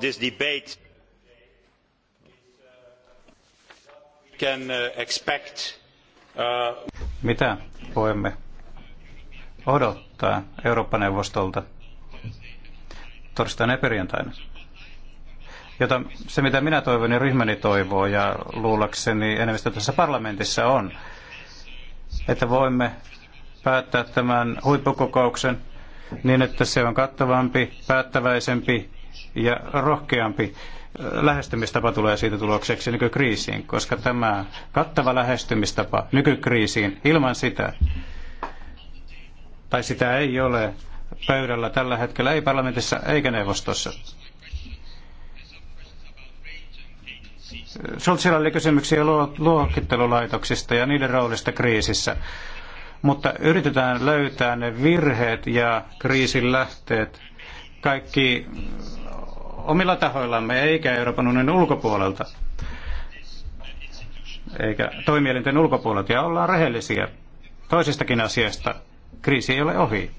this debate can uh, expect. Uh, mitä voimme odottaa Eurooppa-neuvostolta torstaina ja perjantaina? Jota, se, mitä minä toivon ja ryhmäni toivoo ja luulakseni enemmistö tässä parlamentissa on, että voimme päättää tämän huippukokouksen niin, että se on kattavampi, päättäväisempi ja rohkeampi äh, lähestymistapa tulee siitä tulokseksi nykykriisiin, koska tämä kattava lähestymistapa nykykriisiin ilman sitä, tai sitä ei ole pöydällä tällä hetkellä, ei parlamentissa eikä neuvostossa. Schultzilla oli kysymyksiä luokittelulaitoksista ja niiden roolista kriisissä, mutta yritetään löytää ne virheet ja kriisin lähteet, kaikki omilla tahoillamme eikä Euroopan unionin ulkopuolelta, eikä toimielinten ulkopuolelta. Ja ollaan rehellisiä toisestakin asiasta. Kriisi ei ole ohi.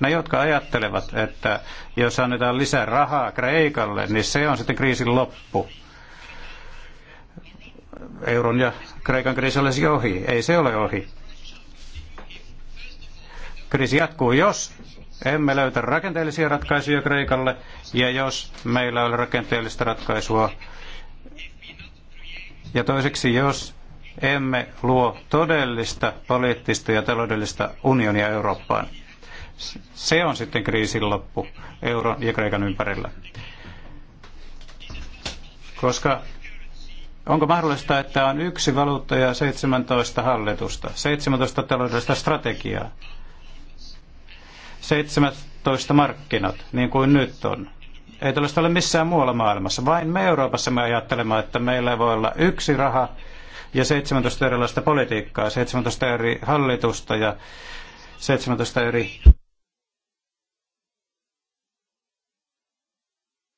Ne, jotka ajattelevat, että jos annetaan lisää rahaa Kreikalle, niin se on sitten kriisin loppu. Euron ja Kreikan kriisi olisi ohi. Ei se ole ohi. Kriisi jatkuu, jos emme löytä rakenteellisia ratkaisuja Kreikalle, ja jos meillä ei ole rakenteellista ratkaisua, ja toiseksi, jos emme luo todellista poliittista ja taloudellista unionia Eurooppaan, se on sitten kriisin loppu euron ja Kreikan ympärillä. Koska onko mahdollista, että on yksi valuutta ja 17 hallitusta, 17 taloudellista strategiaa, 17 markkinat, niin kuin nyt on. Ei tällaista ole missään muualla maailmassa. Vain me Euroopassa me ajattelemme, että meillä voi olla yksi raha ja 17 erilaista politiikkaa, 17 eri hallitusta ja 17 eri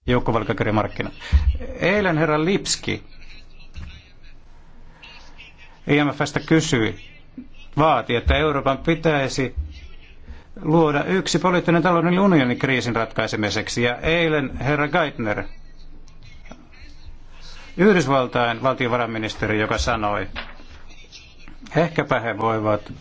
joukkovelkakirjamarkkinat. Eilen herra Lipski IMFstä kysyi, vaati, että Euroopan pitäisi luoda yksi poliittinen talouden unionin kriisin ratkaisemiseksi. Ja eilen herra Geithner, Yhdysvaltain valtiovarainministeri, joka sanoi, ehkäpä he voivat,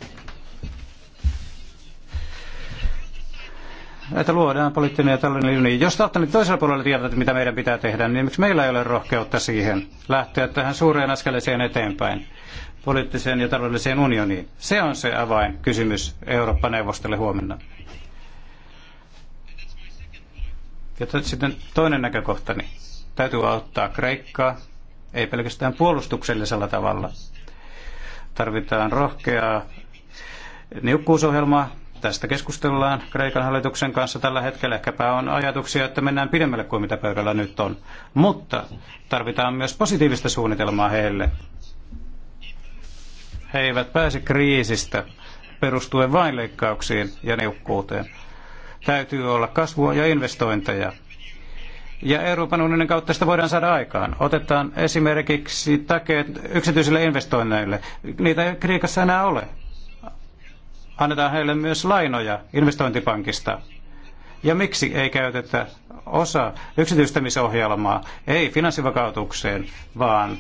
että luodaan poliittinen ja taloudellinen unioni. Jos te niin toisella puolella tietää, että mitä meidän pitää tehdä, niin miksi meillä ei ole rohkeutta siihen lähteä tähän suureen askeleeseen eteenpäin? poliittiseen ja taloudelliseen unioniin. Se on se avainkysymys Eurooppa-neuvostolle huomenna. Ja sitten toinen näkökohtani. Niin täytyy auttaa Kreikkaa, ei pelkästään puolustuksellisella tavalla. Tarvitaan rohkeaa niukkuusohjelmaa. Tästä keskustellaan Kreikan hallituksen kanssa tällä hetkellä. Ehkäpä on ajatuksia, että mennään pidemmälle kuin mitä pöydällä nyt on. Mutta tarvitaan myös positiivista suunnitelmaa heille he eivät pääse kriisistä perustuen vain leikkauksiin ja niukkuuteen. Täytyy olla kasvua ja investointeja. Ja Euroopan unionin kautta sitä voidaan saada aikaan. Otetaan esimerkiksi takeet yksityisille investoinneille. Niitä ei Kriikassa enää ole. Annetaan heille myös lainoja investointipankista. Ja miksi ei käytetä osa yksityistämisohjelmaa, ei finanssivakautukseen, vaan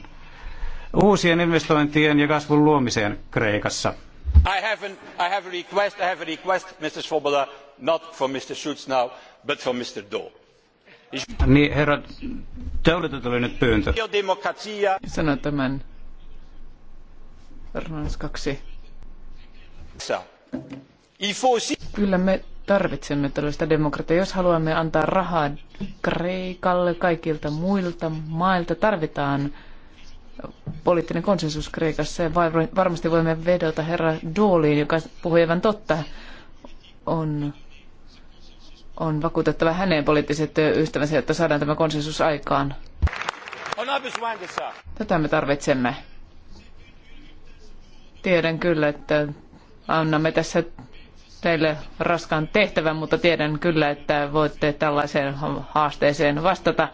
uusien investointien ja kasvun luomiseen Kreikassa. I have, an, I have a request, I have a request, Mr. Svoboda, not for Mr. Schulz now, but for Mr. Niin, herra, teolta tuli nyt pyyntö. Sano tämän ranskaksi. Kyllä me tarvitsemme tällaista demokratiaa. Jos haluamme antaa rahaa Kreikalle kaikilta muilta mailta, tarvitaan poliittinen konsensus Kreikassa ja varmasti voimme vedota herra Dooliin, joka puhui aivan totta, on, on vakuutettava hänen poliittiset ystävänsä, jotta saadaan tämä konsensus aikaan. Tätä me tarvitsemme. Tiedän kyllä, että annamme tässä teille raskaan tehtävän, mutta tiedän kyllä, että voitte tällaiseen haasteeseen vastata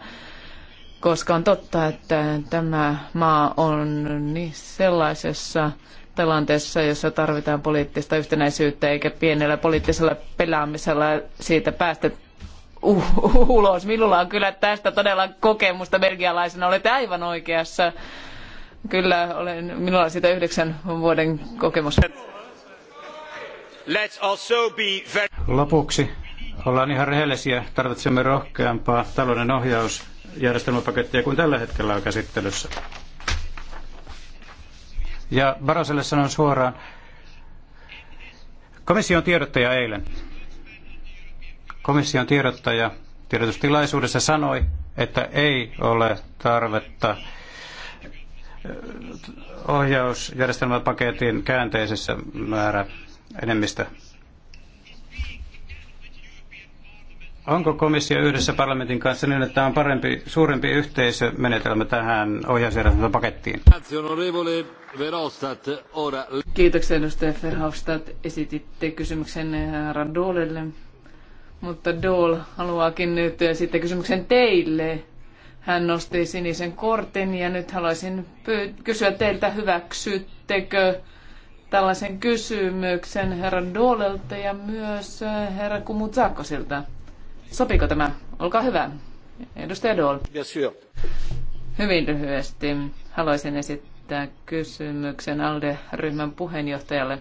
koska on totta, että tämä maa on niin sellaisessa tilanteessa, jossa tarvitaan poliittista yhtenäisyyttä, eikä pienellä poliittisella pelaamisella siitä päästä ulos. Minulla on kyllä tästä todella kokemusta belgialaisena. Olette aivan oikeassa. Kyllä, olen, minulla on siitä yhdeksän vuoden kokemus. Lopuksi ollaan ihan rehellisiä. Tarvitsemme rohkeampaa talouden ohjaus järjestelmäpakettia kuin tällä hetkellä on käsittelyssä. Ja Baroselle sanon suoraan, komission tiedottaja eilen, komission tiedottaja tiedotustilaisuudessa sanoi, että ei ole tarvetta ohjausjärjestelmäpaketin käänteisessä määrä enemmistö Onko komissio yhdessä parlamentin kanssa niin, että on parempi, suurempi yhteisömenetelmä tähän ohjausjärjestelmäpakettiin? Kiitoksia edustaja Verhofstadt. Esititte kysymyksen eh, herra Dolelle, mutta Dool haluaakin nyt eh, sitten kysymyksen teille. Hän nosti sinisen kortin ja nyt haluaisin kysyä teiltä, hyväksyttekö tällaisen kysymyksen herra Doolelta ja myös eh, herra Kumutsakosilta? Sopiiko tämä? Olkaa hyvä. Edustaja Dole. Hyvin lyhyesti haluaisin esittää kysymyksen ALDE-ryhmän puheenjohtajalle.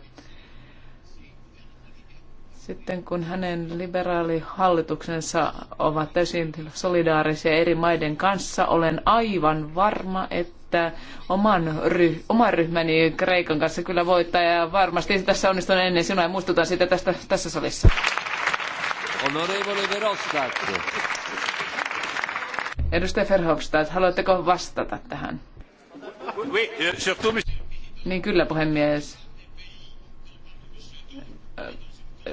Sitten kun hänen liberaalihallituksensa ovat täysin solidaarisia eri maiden kanssa, olen aivan varma, että oman ryh- oman ryhmäni Kreikan kanssa kyllä voittaa ja varmasti tässä onnistun ennen sinua ja muistutan siitä tästä, tässä salissa. Onorevole Verhofstadt. Edustaja Verhofstadt, haluatteko vastata tähän? Euh, niin kyllä, puhemies.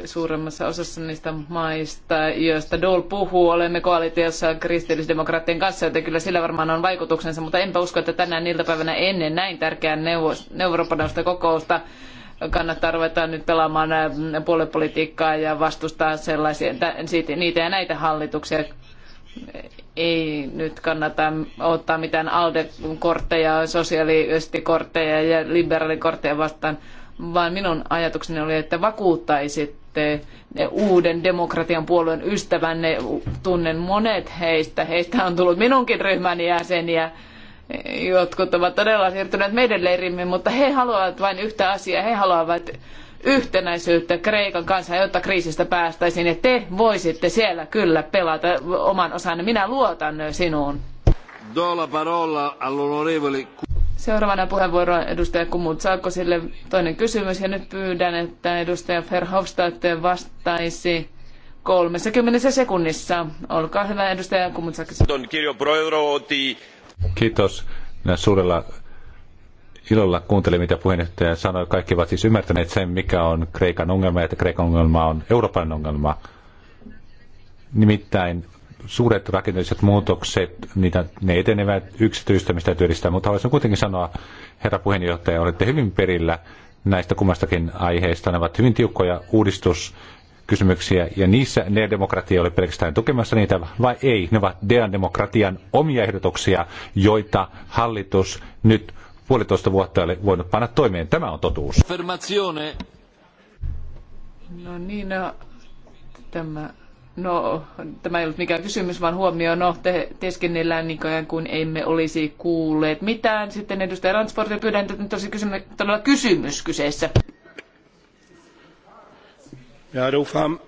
Suuremmassa osassa niistä maista, joista Dole puhuu, olemme koalitiossa kristillisdemokraattien kanssa, joten kyllä sillä varmaan on vaikutuksensa, mutta enpä usko, että tänään iltapäivänä ennen näin tärkeää neuvostoneuvopanosta kokousta kannattaa ruveta nyt pelaamaan puoluepolitiikkaa ja vastustaa sellaisia, niitä ja näitä hallituksia. Ei nyt kannata ottaa mitään ALDE-kortteja, sosiaalistikortteja ja liberaalikortteja vastaan, vaan minun ajatukseni oli, että vakuuttaisitte uuden demokratian puolueen ystävänne. Tunnen monet heistä. Heistä on tullut minunkin ryhmäni jäseniä Jotkut ovat todella siirtyneet meidän leirimme, mutta he haluavat vain yhtä asiaa. He haluavat yhtenäisyyttä Kreikan kanssa, jotta kriisistä päästäisiin. Ja te voisitte siellä kyllä pelata oman osanne. Minä luotan sinuun. Seuraavana puheenvuoro edustaja Kumut sille toinen kysymys ja nyt pyydän, että edustaja Verhofstadt vastaisi 30 sekunnissa. Olkaa hyvä edustaja Kumut Saakkos. Kiitos. Minä suurella ilolla kuuntelin, mitä puheenjohtaja sanoi. Kaikki ovat siis ymmärtäneet sen, mikä on Kreikan ongelma ja että Kreikan ongelma on Euroopan ongelma. Nimittäin suuret rakenteelliset muutokset, niitä, ne etenevät yksityistämistä työllistää, mutta haluaisin kuitenkin sanoa, herra puheenjohtaja, olette hyvin perillä näistä kummastakin aiheista Ne ovat hyvin tiukkoja uudistus- kysymyksiä, ja niissä ne demokratia oli pelkästään tukemassa niitä, vai ei. Ne ovat Dean demokratian omia ehdotuksia, joita hallitus nyt puolitoista vuotta oli voinut panna toimeen. Tämä on totuus. No niin, no, tämä, no, tämä ei ollut mikään kysymys, vaan huomio, no, te, teeskennellään niin kuin, kuin emme olisi kuulleet mitään. Sitten edustaja Ransford, pyydän, että nyt olisi kysymys, todella kysymys kyseessä. Já doufám,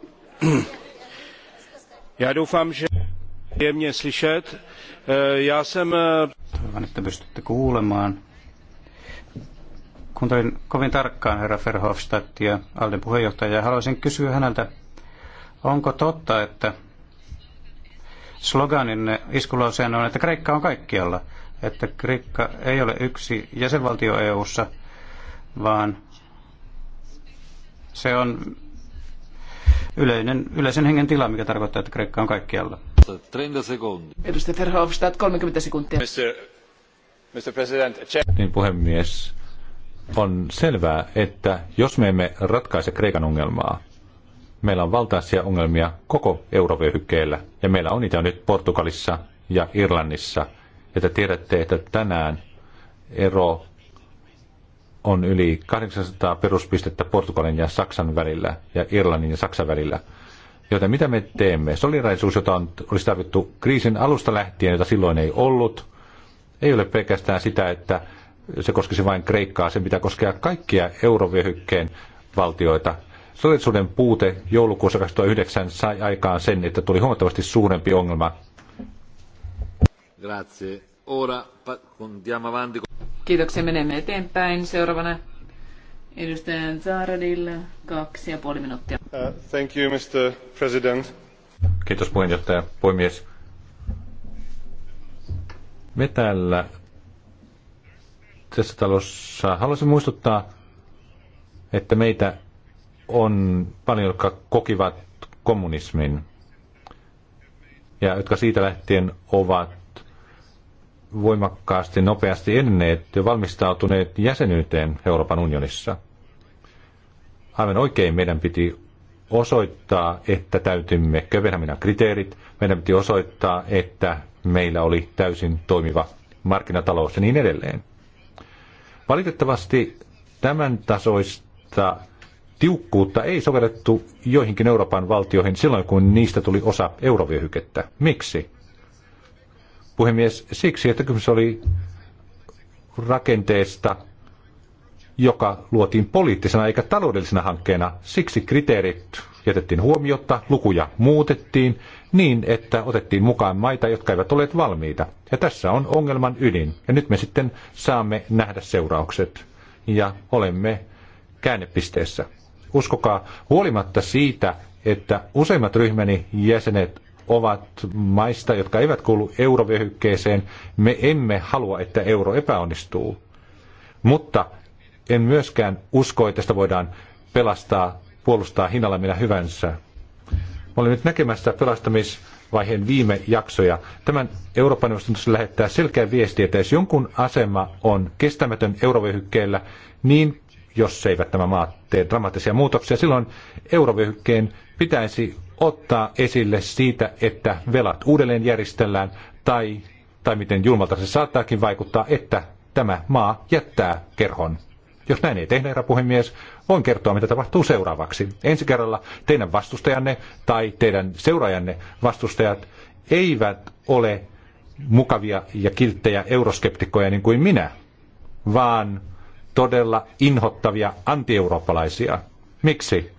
já doufám, že je mě slyšet. Eh, já jsem... Eh, Kuuntelin kovin tarkkaan herra Verhofstadt ja Alden puheenjohtaja ja haluaisin kysyä häneltä, onko totta, että sloganinne iskulauseen on, että Kreikka on kaikkialla, että Kreikka ei ole yksi jäsenvaltio EU-ssa, vaan se on yleinen, yleisen hengen tila, mikä tarkoittaa, että Kreikka on kaikkialla. 30 sekuntia. Edustaja Verhofstadt, 30 sekuntia. Mr. Mr. President, niin puhemies, on selvää, että jos me emme ratkaise Kreikan ongelmaa, meillä on valtaisia ongelmia koko eurovyöhykkeellä, ja meillä on niitä nyt Portugalissa ja Irlannissa. Ja te tiedätte, että tänään ero on yli 800 peruspistettä Portugalin ja Saksan välillä ja Irlannin ja Saksan välillä. Joten mitä me teemme? Solidaisuus, jota on, olisi tarvittu kriisin alusta lähtien, jota silloin ei ollut, ei ole pelkästään sitä, että se koskisi vain Kreikkaa, sen pitää koskea kaikkia eurovyöhykkeen valtioita. Solidaisuuden puute joulukuussa 2009 sai aikaan sen, että tuli huomattavasti suurempi ongelma. Grazie. Ora, Kiitoksia, menemme eteenpäin. Seuraavana edustajan Zaaradilla kaksi ja puoli minuuttia. Uh, thank you, Mr. President. Kiitos puheenjohtaja, puhemies. Me täällä tässä talossa haluaisin muistuttaa, että meitä on paljon, jotka kokivat kommunismin ja jotka siitä lähtien ovat voimakkaasti, nopeasti enneet ja valmistautuneet jäsenyyteen Euroopan unionissa. Aivan oikein meidän piti osoittaa, että täytimme Kööpenhaminan kriteerit. Meidän piti osoittaa, että meillä oli täysin toimiva markkinatalous ja niin edelleen. Valitettavasti tämän tasoista tiukkuutta ei sovellettu joihinkin Euroopan valtioihin silloin, kun niistä tuli osa eurovyöhykettä. Miksi? puhemies, siksi, että kysymys oli rakenteesta, joka luotiin poliittisena eikä taloudellisena hankkeena. Siksi kriteerit jätettiin huomiotta, lukuja muutettiin niin, että otettiin mukaan maita, jotka eivät olleet valmiita. Ja tässä on ongelman ydin. Ja nyt me sitten saamme nähdä seuraukset. Ja olemme käännepisteessä. Uskokaa, huolimatta siitä, että useimmat ryhmäni jäsenet ovat maista, jotka eivät kuulu eurovyöhykkeeseen. Me emme halua, että euro epäonnistuu. Mutta en myöskään usko, että sitä voidaan pelastaa, puolustaa hinnalla millä hyvänsä. Me olemme nyt näkemässä pelastamisvaiheen viime jaksoja. Tämän Euroopan tulisi lähettää selkeä viesti, että jos jonkun asema on kestämätön eurovyöhykkeellä, niin jos eivät nämä maat tee dramaattisia muutoksia, silloin eurovyöhykkeen pitäisi ottaa esille siitä, että velat uudelleen järjestellään tai, tai miten julmalta se saattaakin vaikuttaa, että tämä maa jättää kerhon. Jos näin ei tehdä, herra puhemies, voin kertoa, mitä tapahtuu seuraavaksi. Ensi kerralla teidän vastustajanne tai teidän seuraajanne vastustajat eivät ole mukavia ja kilttejä euroskeptikkoja niin kuin minä, vaan todella inhottavia antieurooppalaisia. Miksi?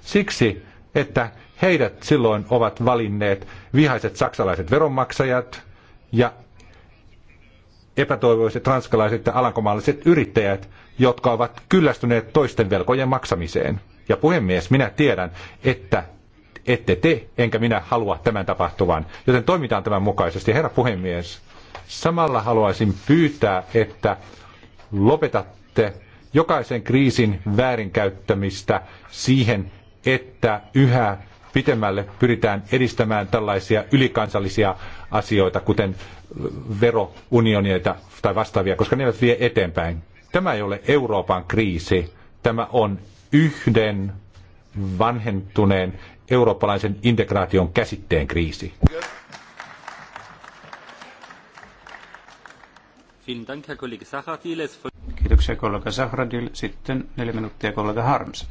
Siksi, että heidät silloin ovat valinneet vihaiset saksalaiset veronmaksajat ja epätoivoiset ranskalaiset ja alankomaalaiset yrittäjät, jotka ovat kyllästyneet toisten velkojen maksamiseen. Ja puhemies, minä tiedän, että ette te, enkä minä halua tämän tapahtuvan. Joten toimitaan tämän mukaisesti. Herra puhemies, samalla haluaisin pyytää, että lopetatte jokaisen kriisin väärinkäyttämistä siihen, että yhä pitemmälle pyritään edistämään tällaisia ylikansallisia asioita, kuten verounionioita tai vastaavia, koska ne eivät vie eteenpäin. Tämä ei ole Euroopan kriisi, tämä on yhden vanhentuneen eurooppalaisen integraation käsitteen kriisi. Kiitoksia kollega Sahradil. Sitten neljä minuuttia kollega Harms.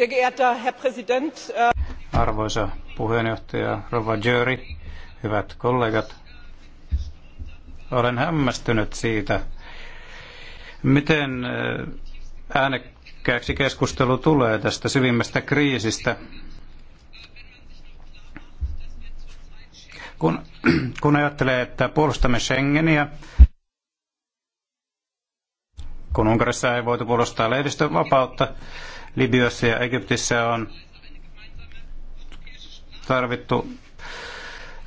Äh, Arvoisa puheenjohtaja Rova Jöri, hyvät kollegat, olen hämmästynyt siitä, miten äh, äänekkääksi keskustelu tulee tästä syvimmästä kriisistä. Kun, kun ajattelee, että puolustamme Schengeniä, kun Unkarissa ei voitu puolustaa lehdistön vapautta, Libyassa ja Egyptissä on tarvittu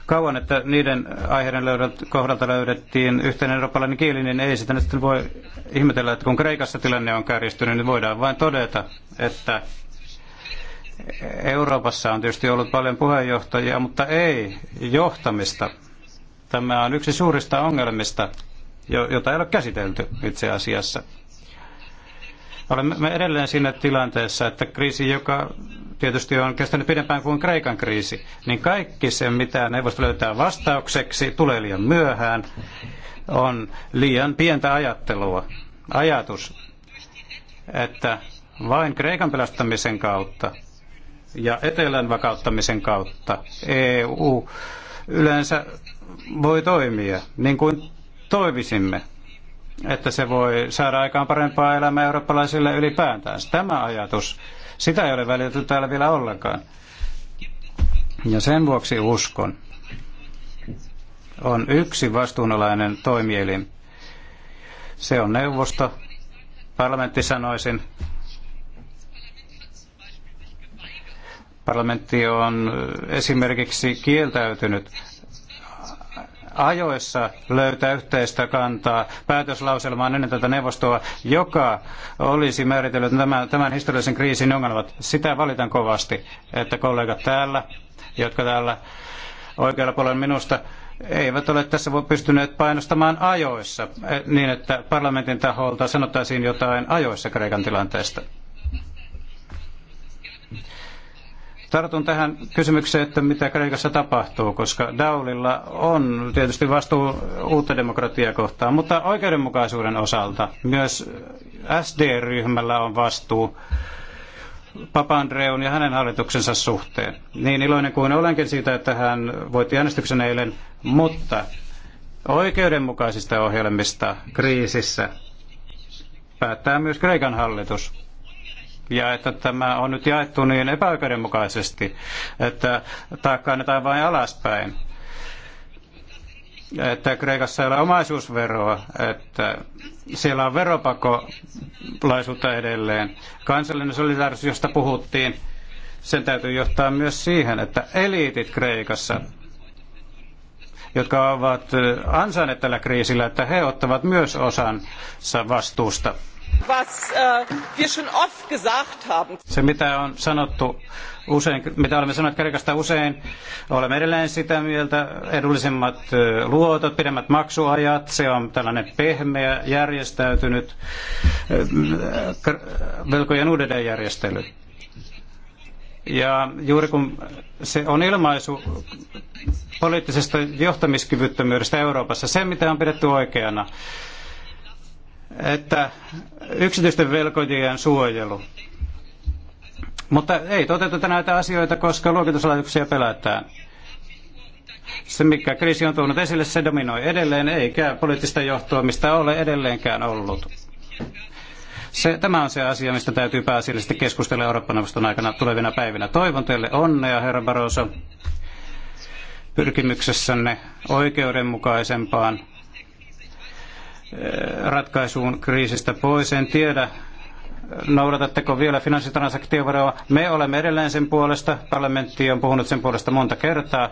kauan, että niiden aiheiden löydät, kohdalta löydettiin yhteinen eurooppalainen kieli, niin ei sitä nyt voi ihmetellä, että kun Kreikassa tilanne on kärjistynyt, niin voidaan vain todeta, että Euroopassa on tietysti ollut paljon puheenjohtajia, mutta ei johtamista. Tämä on yksi suurista ongelmista, jota ei ole käsitelty itse asiassa. Olemme edelleen siinä tilanteessa, että kriisi, joka tietysti on kestänyt pidempään kuin Kreikan kriisi, niin kaikki se, mitä neuvosto löytää vastaukseksi, tulee liian myöhään, on liian pientä ajattelua. Ajatus, että vain Kreikan pelastamisen kautta ja etelän vakauttamisen kautta EU yleensä voi toimia niin kuin toivisimme että se voi saada aikaan parempaa elämää eurooppalaisille ylipäätään. Tämä ajatus, sitä ei ole välitetty täällä vielä ollenkaan. Ja sen vuoksi uskon, on yksi vastuunalainen toimielin. Se on neuvosto, parlamentti sanoisin. Parlamentti on esimerkiksi kieltäytynyt ajoissa löytää yhteistä kantaa päätöslauselmaan ennen tätä neuvostoa, joka olisi määritellyt tämän, tämän historiallisen kriisin ongelmat. Sitä valitan kovasti, että kollegat täällä, jotka täällä oikealla puolella minusta eivät ole tässä pystyneet painostamaan ajoissa eh, niin, että parlamentin taholta sanottaisiin jotain ajoissa Kreikan tilanteesta. Tartun tähän kysymykseen, että mitä Kreikassa tapahtuu, koska Daulilla on tietysti vastuu uutta demokratiaa kohtaan, mutta oikeudenmukaisuuden osalta myös SD-ryhmällä on vastuu Papandreun ja hänen hallituksensa suhteen. Niin iloinen kuin olenkin siitä, että hän voitti äänestyksen eilen, mutta oikeudenmukaisista ohjelmista kriisissä päättää myös Kreikan hallitus ja että tämä on nyt jaettu niin epäoikeudenmukaisesti, että taakka annetaan vain alaspäin. Että Kreikassa ei ole omaisuusveroa, että siellä on veropakolaisuutta edelleen. Kansallinen solidaarisuus, josta puhuttiin, sen täytyy johtaa myös siihen, että eliitit Kreikassa jotka ovat ansainneet tällä kriisillä, että he ottavat myös osansa vastuusta. Äh, se mitä on sanottu usein, mitä olemme sanoneet Kreikasta usein, olemme edelleen sitä mieltä, edullisemmat äh, luotot, pidemmät maksuajat, se on tällainen pehmeä, järjestäytynyt äh, velkojen uudelleenjärjestely. Ja juuri kun se on ilmaisu poliittisesta johtamiskyvyttömyydestä Euroopassa, se mitä on pidetty oikeana, että yksityisten velkojien suojelu. Mutta ei toteuteta näitä asioita, koska luokituslaitoksia pelätään. Se, mikä kriisi on tuonut esille, se dominoi edelleen, eikä poliittista johtoa, mistä ole edelleenkään ollut. Se, tämä on se asia, mistä täytyy pääasiallisesti keskustella Eurooppa-neuvoston aikana tulevina päivinä. Toivon teille onnea, herra Barroso, pyrkimyksessänne oikeudenmukaisempaan Eh, ratkaisuun kriisistä pois. En tiedä, noudatatteko vielä finanssitransaktioveroa. Me olemme edelleen sen puolesta. Parlamentti on puhunut sen puolesta monta kertaa.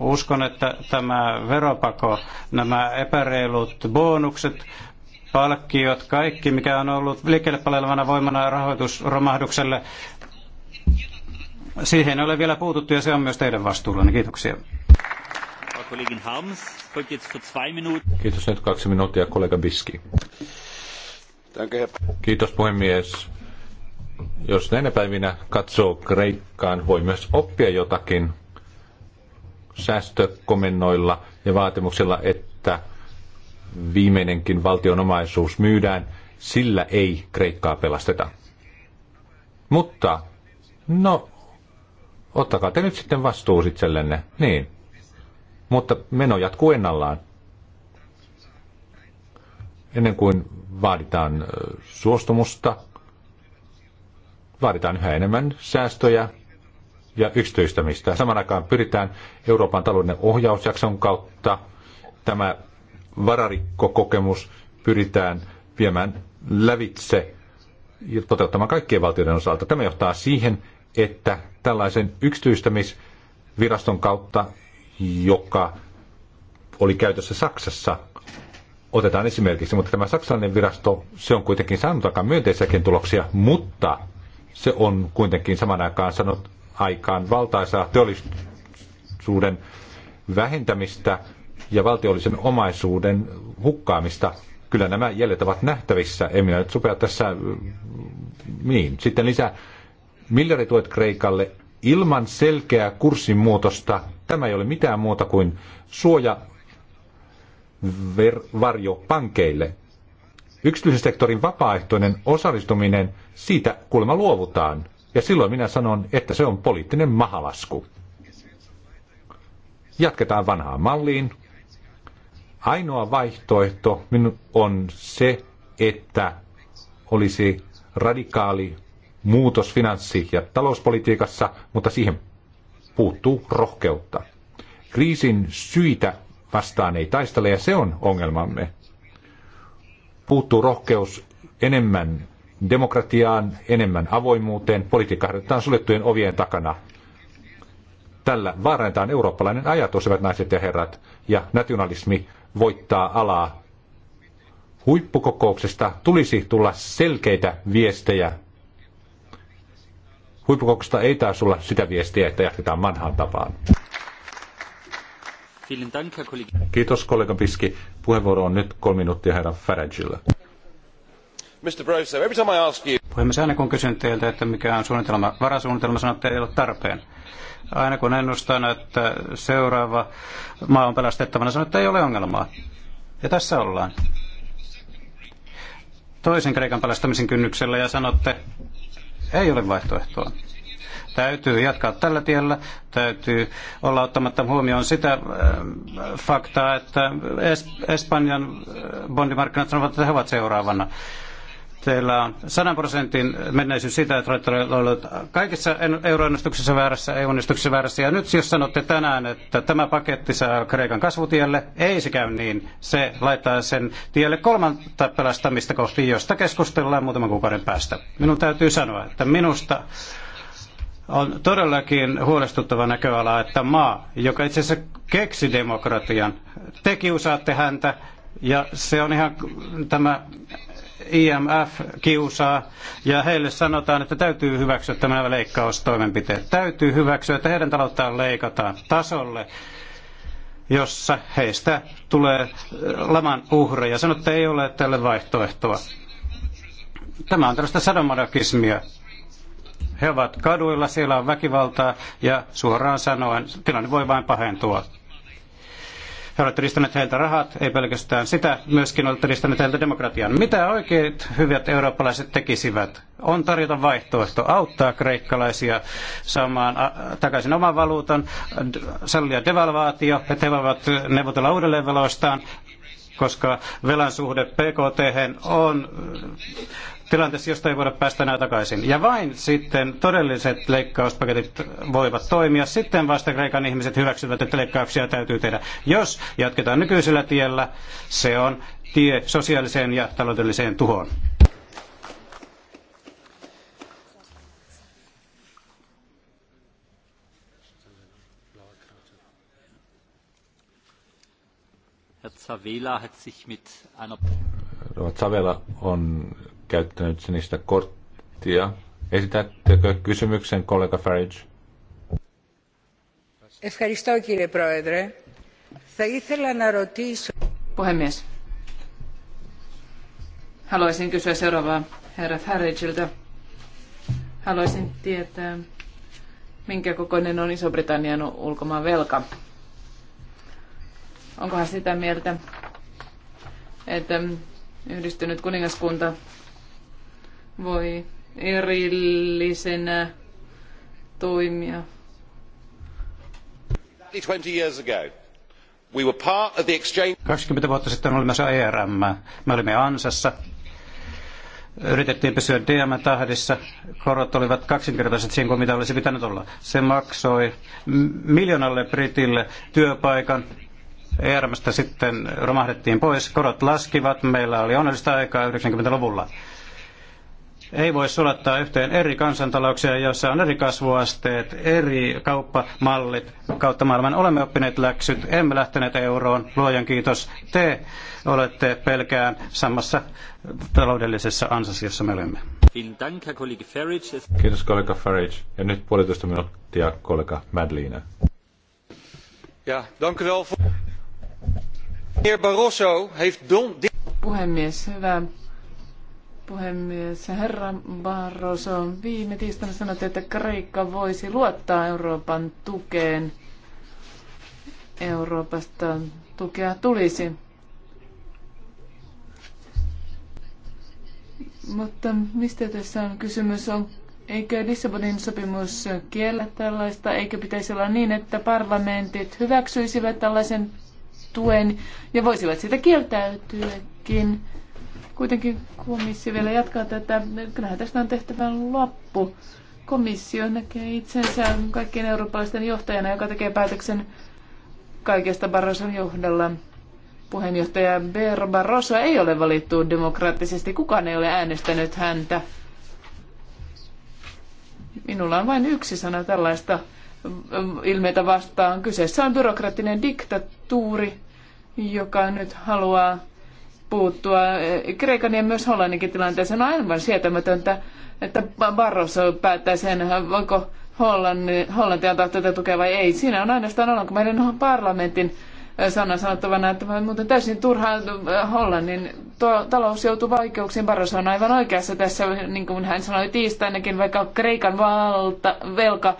Uskon, että tämä veropako, nämä epäreilut bonukset, palkkiot, kaikki, mikä on ollut liikkeelle palelevana voimana rahoitusromahdukselle, siihen ei ole vielä puututtu ja se on myös teidän vastuullanne. Kiitoksia. Kiitos nyt kaksi minuuttia, kollega Biski. Kiitos puhemies. Jos näinä päivinä katsoo Kreikkaan, voi myös oppia jotakin säästökomennoilla ja vaatimuksilla, että viimeinenkin valtion omaisuus myydään. Sillä ei Kreikkaa pelasteta. Mutta, no, ottakaa te nyt sitten vastuu itsellenne. Niin, mutta meno jatkuu ennallaan. Ennen kuin vaaditaan suostumusta, vaaditaan yhä enemmän säästöjä ja yksityistämistä. Saman aikaan pyritään Euroopan talouden ohjausjakson kautta tämä vararikkokokemus pyritään viemään lävitse ja toteuttamaan kaikkien valtioiden osalta. Tämä johtaa siihen, että tällaisen yksityistämisviraston kautta joka oli käytössä Saksassa. Otetaan esimerkiksi, mutta tämä saksalainen virasto, se on kuitenkin saanut aika myönteisiäkin tuloksia, mutta se on kuitenkin saman aikaan sanonut aikaan valtaisaa teollisuuden vähentämistä ja valtiollisen omaisuuden hukkaamista. Kyllä nämä jäljet ovat nähtävissä. En minä nyt supea tässä mm, niin. Sitten lisää miljardituet Kreikalle Ilman selkeää kurssinmuutosta tämä ei ole mitään muuta kuin suoja varjo pankeille. Yksityisen sektorin vapaaehtoinen osallistuminen, siitä kuulemma luovutaan. Ja silloin minä sanon, että se on poliittinen mahalasku. Jatketaan vanhaan malliin. Ainoa vaihtoehto on se, että olisi radikaali muutos finanssi- ja talouspolitiikassa, mutta siihen puuttuu rohkeutta. Kriisin syitä vastaan ei taistele ja se on ongelmamme. Puuttuu rohkeus enemmän demokratiaan, enemmän avoimuuteen, politiikka harjoitetaan suljettujen ovien takana. Tällä vaarannetaan eurooppalainen ajatus, hyvät naiset ja herrat, ja nationalismi voittaa alaa. Huippukokouksesta tulisi tulla selkeitä viestejä Huippukokousta ei taas olla sitä viestiä, että jatketaan manhaan tapaan. Kiitos kollega Piski. Puheenvuoro on nyt kolme minuuttia herra Mr. every time I ask you... Puhemies, aina kun kysyn teiltä, että mikä on suunnitelma, varasuunnitelma, sanotte, että ei ole tarpeen. Aina kun ennustan, että seuraava maa on pelastettavana, sanon, että ei ole ongelmaa. Ja tässä ollaan. Toisen Kreikan pelastamisen kynnyksellä ja sanotte, ei ole vaihtoehtoa. Täytyy jatkaa tällä tiellä, täytyy olla ottamatta huomioon sitä äh, faktaa, että es- Espanjan äh, bondimarkkinat sanovat, että he ovat seuraavana. Äh, Teillä on sadan prosentin menneisyys siitä, että olette olleet kaikissa euroennustuksissa väärässä, EU-ennustuksissa väärässä. Ja nyt jos sanotte tänään, että tämä paketti saa Kreikan kasvutielle, ei se käy niin. Se laittaa sen tielle kolmanta pelastamista kohti, josta keskustellaan muutaman kuukauden päästä. Minun täytyy sanoa, että minusta on todellakin huolestuttava näköala, että maa, joka itse asiassa keksi demokratian, te kiusaatte häntä, ja se on ihan tämä IMF kiusaa ja heille sanotaan, että täytyy hyväksyä tämä leikkaustoimenpiteet. Täytyy hyväksyä, että heidän talouttaan leikataan tasolle, jossa heistä tulee laman uhreja. Sanotte, että ei ole tälle vaihtoehtoa. Tämä on tällaista sadomadokismia. He ovat kaduilla, siellä on väkivaltaa ja suoraan sanoen tilanne voi vain pahentua. He olette ristäneet heiltä rahat, ei pelkästään sitä, myöskin olette ristäneet heiltä demokratian. Mitä oikeat hyvät eurooppalaiset tekisivät? On tarjota vaihtoehto auttaa kreikkalaisia saamaan takaisin oman valuutan, sallia devalvaatio, että he voivat neuvotella uudelleen veloistaan, koska velan suhde PKT on tilanteessa, josta ei voida päästä enää takaisin. Ja vain sitten todelliset leikkauspaketit voivat toimia. Sitten vasta Kreikan ihmiset hyväksyvät, että leikkauksia täytyy tehdä. Jos jatketaan nykyisellä tiellä, se on tie sosiaaliseen ja taloudelliseen tuhoon. Herr Zavela on käyttänyt sinistä korttia. Esitättekö kysymyksen, kollega Farage? Puhemies. Haluaisin kysyä seuraavaa herra Farageilta. Haluaisin tietää, minkä kokoinen on Iso-Britannian ulkomaan velka. Onkohan sitä mieltä, että yhdistynyt kuningaskunta voi erillisenä toimia. 20 vuotta sitten olimme ERM. Me olimme Ansassa. Yritettiin pysyä DM-tahdissa. Korot olivat kaksinkertaiset siihen kuin mitä olisi pitänyt olla. Se maksoi miljoonalle Britille työpaikan. ERMstä sitten romahdettiin pois. Korot laskivat. Meillä oli onnellista aikaa 90-luvulla. Ei voi sulattaa yhteen eri kansantalouksia, joissa on eri kasvuasteet, eri kauppamallit kautta maailman. Olemme oppineet läksyt, emme lähteneet euroon, luojan kiitos. Te olette pelkään samassa taloudellisessa ansassa, me olemme. Kiitos kollega Farage. Ja nyt puolitoista minuuttia kollega Madlina. Ja, dank u wel. Meneer Barroso heeft don... Puhemies, hyvä puhemies. Herra Barroso, viime tiistaina sanoitte, että Kreikka voisi luottaa Euroopan tukeen. Euroopasta tukea tulisi. Mutta mistä tässä on kysymys? On, eikö Lissabonin sopimus kiellä tällaista? Eikö pitäisi olla niin, että parlamentit hyväksyisivät tällaisen tuen ja voisivat siitä kieltäytyäkin? Kuitenkin komissio vielä jatkaa tätä. Kyllähän tästä on tehtävä loppu. Komissio näkee itsensä kaikkien eurooppalaisten johtajana, joka tekee päätöksen kaikesta Barroson johdolla. Puheenjohtaja Ber Barroso ei ole valittu demokraattisesti. Kukaan ei ole äänestänyt häntä. Minulla on vain yksi sana tällaista ilmeitä vastaan. Kyseessä on byrokraattinen diktatuuri, joka nyt haluaa puuttua Kreikan ja myös Hollanninkin tilanteeseen. On aivan sietämätöntä, että Barroso päättää sen, voiko Hollanti, Hollanti antaa tätä tukea vai ei. Siinä on ainoastaan ollaanko meidän parlamentin sana sanottavana, että muuten täysin turhaa Hollannin to- talous joutuu vaikeuksiin. Barroso on aivan oikeassa tässä, niin kuin hän sanoi tiistainakin, vaikka Kreikan valta, velka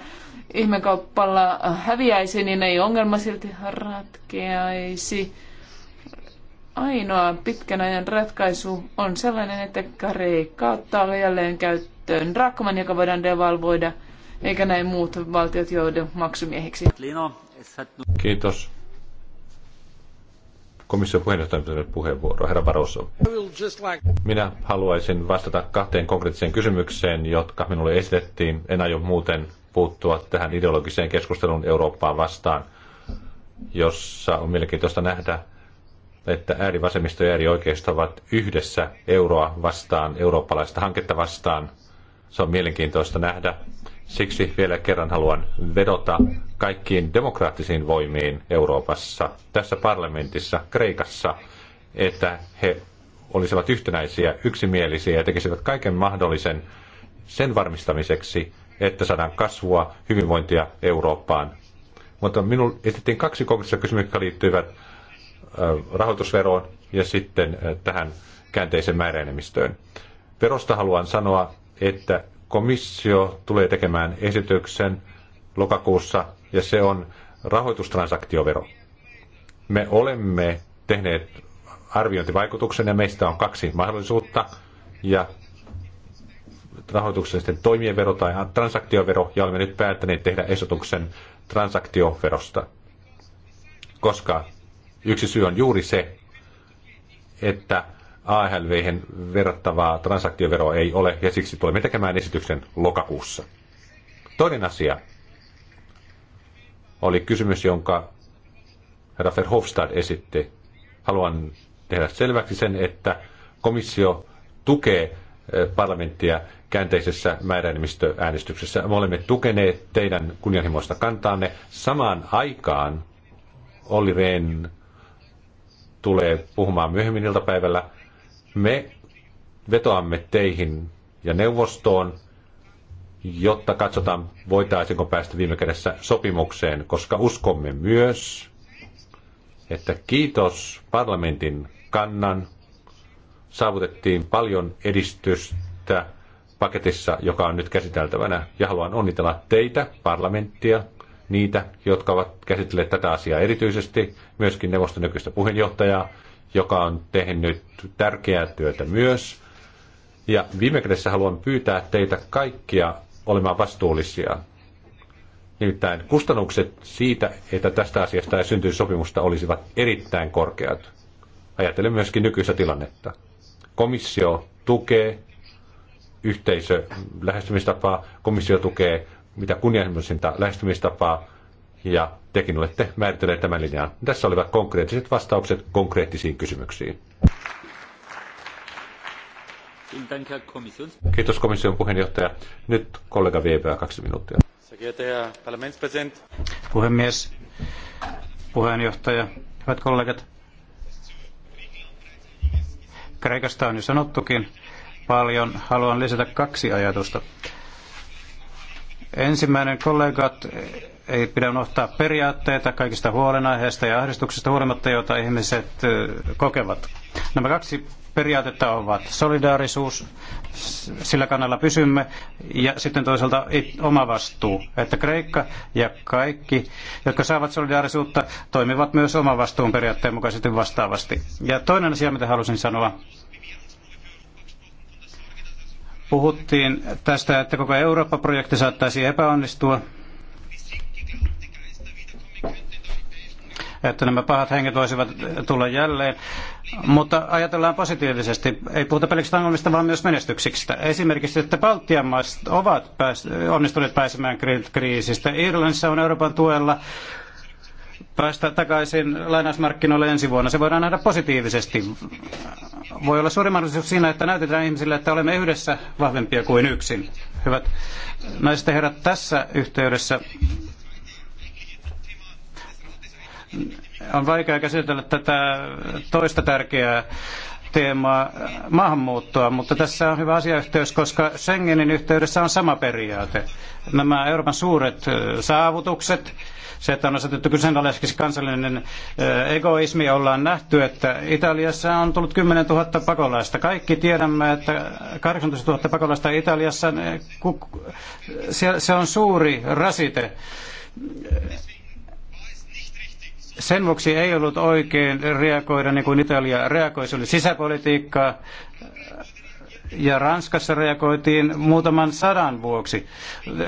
ihmekauppalla häviäisi, niin ei ongelma silti ratkeaisi ainoa pitkän ajan ratkaisu on sellainen, että Kreikka ottaa jälleen käyttöön Drakman, joka voidaan devalvoida, eikä näin muut valtiot joudu maksumiehiksi. Kiitos. Komission puheenjohtajan puheenvuoro, herra Barroso. Minä haluaisin vastata kahteen konkreettiseen kysymykseen, jotka minulle esitettiin. En aio muuten puuttua tähän ideologiseen keskusteluun Eurooppaan vastaan, jossa on mielenkiintoista nähdä, että äärivasemmisto ja äärioikeisto ovat yhdessä euroa vastaan, eurooppalaista hanketta vastaan. Se on mielenkiintoista nähdä. Siksi vielä kerran haluan vedota kaikkiin demokraattisiin voimiin Euroopassa, tässä parlamentissa, Kreikassa, että he olisivat yhtenäisiä, yksimielisiä ja tekisivät kaiken mahdollisen sen varmistamiseksi, että saadaan kasvua, hyvinvointia Eurooppaan. Mutta minulle esitettiin kaksi konkreettista kysymystä, jotka liittyivät rahoitusveroon ja sitten tähän käänteisen määräenemmistöön. Verosta haluan sanoa, että komissio tulee tekemään esityksen lokakuussa ja se on rahoitustransaktiovero. Me olemme tehneet arviointivaikutuksen ja meistä on kaksi mahdollisuutta ja rahoituksen toimien vero tai transaktiovero ja olemme nyt päättäneet tehdä esityksen transaktioverosta. Koska Yksi syy on juuri se, että ahlv verrattavaa transaktioveroa ei ole, ja siksi tulemme tekemään esityksen lokakuussa. Toinen asia oli kysymys, jonka herra Verhofstadt esitti. Haluan tehdä selväksi sen, että komissio tukee e, parlamenttia käänteisessä määräenemmistöäänestyksessä. Me olemme tukeneet teidän kunnianhimoista kantaanne. Samaan aikaan oli Rehn tulee puhumaan myöhemmin iltapäivällä. Me vetoamme teihin ja neuvostoon, jotta katsotaan, voitaisiinko päästä viime kädessä sopimukseen, koska uskomme myös, että kiitos parlamentin kannan saavutettiin paljon edistystä paketissa, joka on nyt käsiteltävänä. Ja haluan onnitella teitä, parlamenttia, niitä, jotka ovat käsitelleet tätä asiaa erityisesti, myöskin neuvoston nykyistä puheenjohtajaa, joka on tehnyt tärkeää työtä myös. Ja viime kädessä haluan pyytää teitä kaikkia olemaan vastuullisia. Nimittäin kustannukset siitä, että tästä asiasta ei syntyisi sopimusta, olisivat erittäin korkeat. Ajattelen myöskin nykyistä tilannetta. Komissio tukee yhteisölähestymistapaa, komissio tukee mitä kunnianhimoisinta lähestymistapaa, ja tekin olette määritelleet tämän linjan. Tässä olivat konkreettiset vastaukset konkreettisiin kysymyksiin. Kiitos komission puheenjohtaja. Nyt kollega Weber, kaksi minuuttia. Puhemies, puheenjohtaja, hyvät kollegat. Kreikasta on jo sanottukin paljon. Haluan lisätä kaksi ajatusta. Ensimmäinen kollegat ei pidä unohtaa periaatteita kaikista huolenaiheista ja ahdistuksista huolimatta, joita ihmiset kokevat. Nämä kaksi periaatetta ovat solidaarisuus, sillä kannalla pysymme, ja sitten toisaalta oma vastuu, että Kreikka ja kaikki, jotka saavat solidaarisuutta, toimivat myös omavastuun vastuun periaatteen mukaisesti vastaavasti. Ja toinen asia, mitä halusin sanoa, Puhuttiin tästä, että koko Eurooppa-projekti saattaisi epäonnistua. että nämä pahat henget voisivat tulla jälleen. Mutta ajatellaan positiivisesti. Ei puhuta pelkästään ongelmista, vaan myös menestyksistä. Esimerkiksi, että Baltian maat ovat pääs, onnistuneet pääsemään kriisistä. Irlannissa on Euroopan tuella päästä takaisin lainausmarkkinoille ensi vuonna. Se voidaan nähdä positiivisesti. Voi olla suuri mahdollisuus siinä, että näytetään ihmisille, että olemme yhdessä vahvempia kuin yksin. Hyvät naiset ja herrat, tässä yhteydessä on vaikea käsitellä tätä toista tärkeää teemaa maahanmuuttoa, mutta tässä on hyvä asiayhteys, koska Schengenin yhteydessä on sama periaate. Nämä Euroopan suuret saavutukset, se, että on asetettu kyseenalaiseksi kansallinen egoismi, ollaan nähty, että Italiassa on tullut 10 000 pakolaista. Kaikki tiedämme, että 18 000 pakolaista Italiassa, se on suuri rasite sen vuoksi ei ollut oikein reagoida niin kuin Italia reagoi. Se oli sisäpolitiikkaa, ja Ranskassa reagoitiin muutaman sadan vuoksi.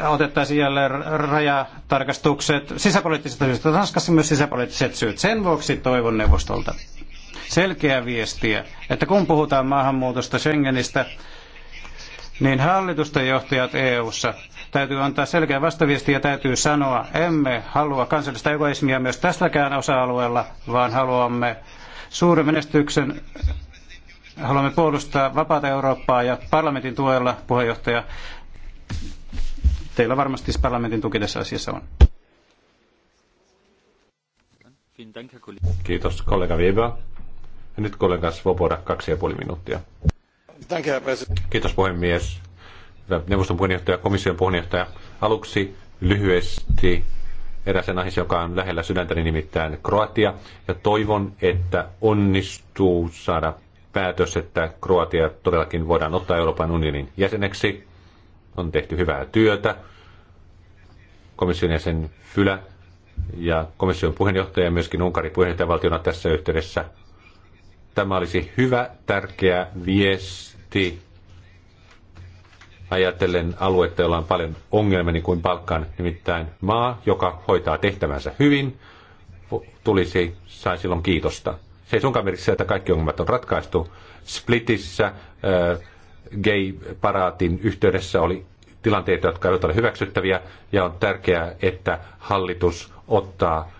Otettaisiin jälleen rajatarkastukset sisäpoliittisista syistä, Ranskassa myös sisäpoliittiset syyt. Sen vuoksi toivon neuvostolta selkeää viestiä, että kun puhutaan maahanmuutosta Schengenistä, niin hallitusten johtajat EU-ssa täytyy antaa selkeä vastaviesti ja täytyy sanoa, emme halua kansallista egoismia myös tästäkään osa-alueella, vaan haluamme suuren menestyksen Haluamme puolustaa vapaata Eurooppaa ja parlamentin tuella, puheenjohtaja. Teillä varmasti siis parlamentin tuki tässä asiassa on. Kiitos kollega Weber. Ja nyt kollega Svoboda, kaksi ja puoli minuuttia. Kiitos puhemies. Neuvoston puheenjohtaja, komission puheenjohtaja. Aluksi lyhyesti eräs aiheeseen, joka on lähellä sydäntäni, nimittäin Kroatia. Ja toivon, että onnistuu saada päätös, että Kroatia todellakin voidaan ottaa Euroopan unionin jäseneksi. On tehty hyvää työtä. Komission jäsen Fylä ja komission puheenjohtaja ja myöskin Unkarin puheenjohtajavaltiona tässä yhteydessä. Tämä olisi hyvä, tärkeä viesti ajatellen aluetta, jolla on paljon ongelmia, niin kuin Balkan, nimittäin maa, joka hoitaa tehtävänsä hyvin, tulisi, sai silloin kiitosta. Se ei sunkaan merkitse että kaikki ongelmat on ratkaistu. Splitissä gay-paraatin yhteydessä oli tilanteita, jotka eivät ole hyväksyttäviä, ja on tärkeää, että hallitus ottaa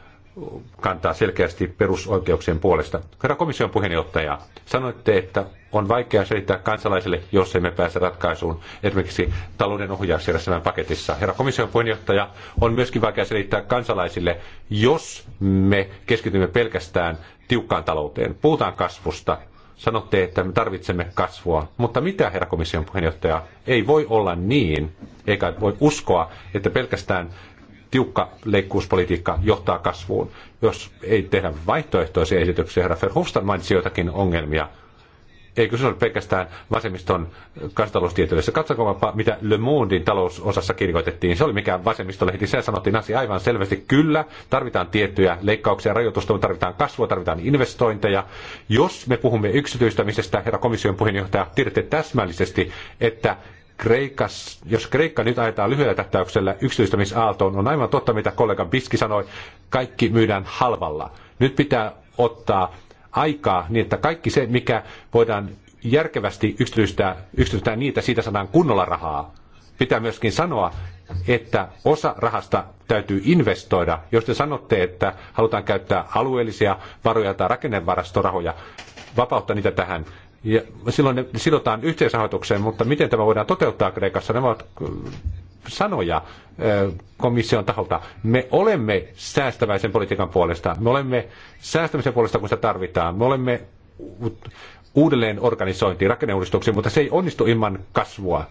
kantaa selkeästi perusoikeuksien puolesta. Herra komission puheenjohtaja, sanoitte, että on vaikea selittää kansalaisille, jos emme pääse ratkaisuun esimerkiksi talouden ohjausjärjestelmän paketissa. Herra komission puheenjohtaja, on myöskin vaikea selittää kansalaisille, jos me keskitymme pelkästään tiukkaan talouteen. Puhutaan kasvusta. Sanotte, että me tarvitsemme kasvua. Mutta mitä, herra komission puheenjohtaja, ei voi olla niin, eikä voi uskoa, että pelkästään tiukka leikkuuspolitiikka johtaa kasvuun. Jos ei tehdä vaihtoehtoisia esityksiä, herra Verhofstadt mainitsi joitakin ongelmia. Eikö se ole pelkästään vasemmiston kansantaloustieteilijöissä? Katsokaa mitä Le Mondein talousosassa kirjoitettiin. Se oli mikä vasemmistolehti. Se sanottiin asia aivan selvästi. Kyllä, tarvitaan tiettyjä leikkauksia, rajoitusta, mutta tarvitaan kasvua, tarvitaan investointeja. Jos me puhumme yksityistämisestä, herra komission puheenjohtaja, tiedätte täsmällisesti, että Kreikas, jos Kreikka nyt ajetaan lyhyellä tähtäyksellä yksityistämisaaltoon, on aivan totta, mitä kollega Biski sanoi, kaikki myydään halvalla. Nyt pitää ottaa aikaa niin, että kaikki se, mikä voidaan järkevästi yksityistää, yksityistää niitä, siitä saadaan kunnolla rahaa. Pitää myöskin sanoa, että osa rahasta täytyy investoida. Jos te sanotte, että halutaan käyttää alueellisia varoja tai rakennevarastorahoja, vapauttaa niitä tähän. Ja silloin ne sidotaan yhteisrahoitukseen, mutta miten tämä voidaan toteuttaa Kreikassa? Ne ovat äh, sanoja äh, komission taholta. Me olemme säästäväisen politiikan puolesta. Me olemme säästämisen puolesta, kun sitä tarvitaan. Me olemme uudelleen organisointiin, rakenneuudistuksiin, mutta se ei onnistu ilman kasvua.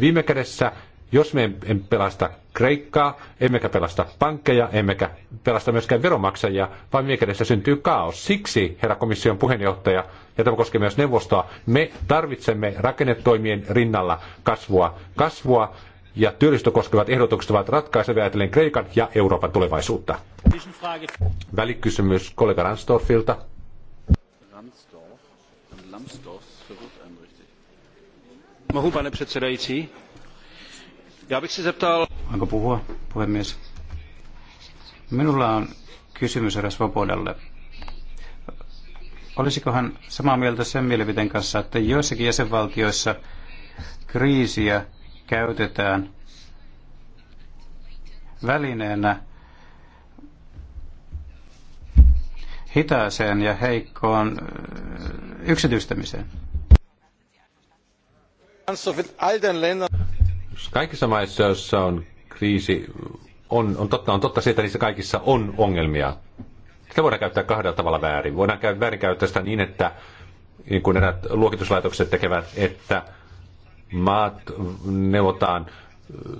Viime kädessä jos me emme pelasta Kreikkaa, emmekä pelasta pankkeja, emmekä pelasta myöskään veronmaksajia, vaan mielestä syntyy kaos. Siksi, herra komission puheenjohtaja, ja tämä koskee myös neuvostoa, me tarvitsemme rakennetoimien rinnalla kasvua. Kasvua ja työllistö koskevat ehdotukset ovat ratkaisevia ajatellen Kreikan ja Euroopan tulevaisuutta. Välikysymys kollega Ransdorfilta. Ransdorf. Mohu, pane předsedající? Já bych si zeptal... Voinko puhua, puhemies? Minulla on kysymys eräs Svobodalle. Olisikohan samaa mieltä sen mielipiteen kanssa, että joissakin jäsenvaltioissa kriisiä käytetään välineenä hitaaseen ja heikkoon äh, yksityistämiseen? Kaikissa maissa, joissa on kriisi, on, on, totta, on totta se, että niissä kaikissa on ongelmia. Sitä voidaan käyttää kahdella tavalla väärin. Voidaan käy, väärin käyttää sitä niin, että niin kuin erät luokituslaitokset tekevät, että maat neuvotaan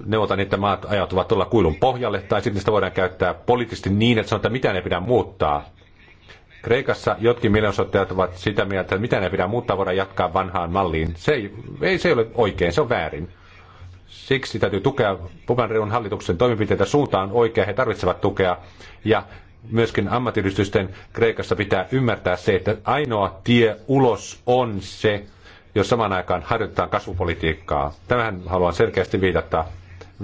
neuvotaan, että maat ajautuvat tuolla kuilun pohjalle, tai sitten sitä voidaan käyttää poliittisesti niin, että sanotaan, että mitä ne pidä muuttaa. Kreikassa jotkin mielenosoittajat ovat sitä mieltä, että mitä ne pidä muuttaa, voidaan jatkaa vanhaan malliin. Se ei, ei, se ei ole oikein, se on väärin. Siksi täytyy tukea Pukanreun hallituksen toimenpiteitä suuntaan oikea. He tarvitsevat tukea ja myöskin ammattiyhdistysten Kreikassa pitää ymmärtää se, että ainoa tie ulos on se, jos samaan aikaan harjoitetaan kasvupolitiikkaa. Tämähän haluan selkeästi viitata.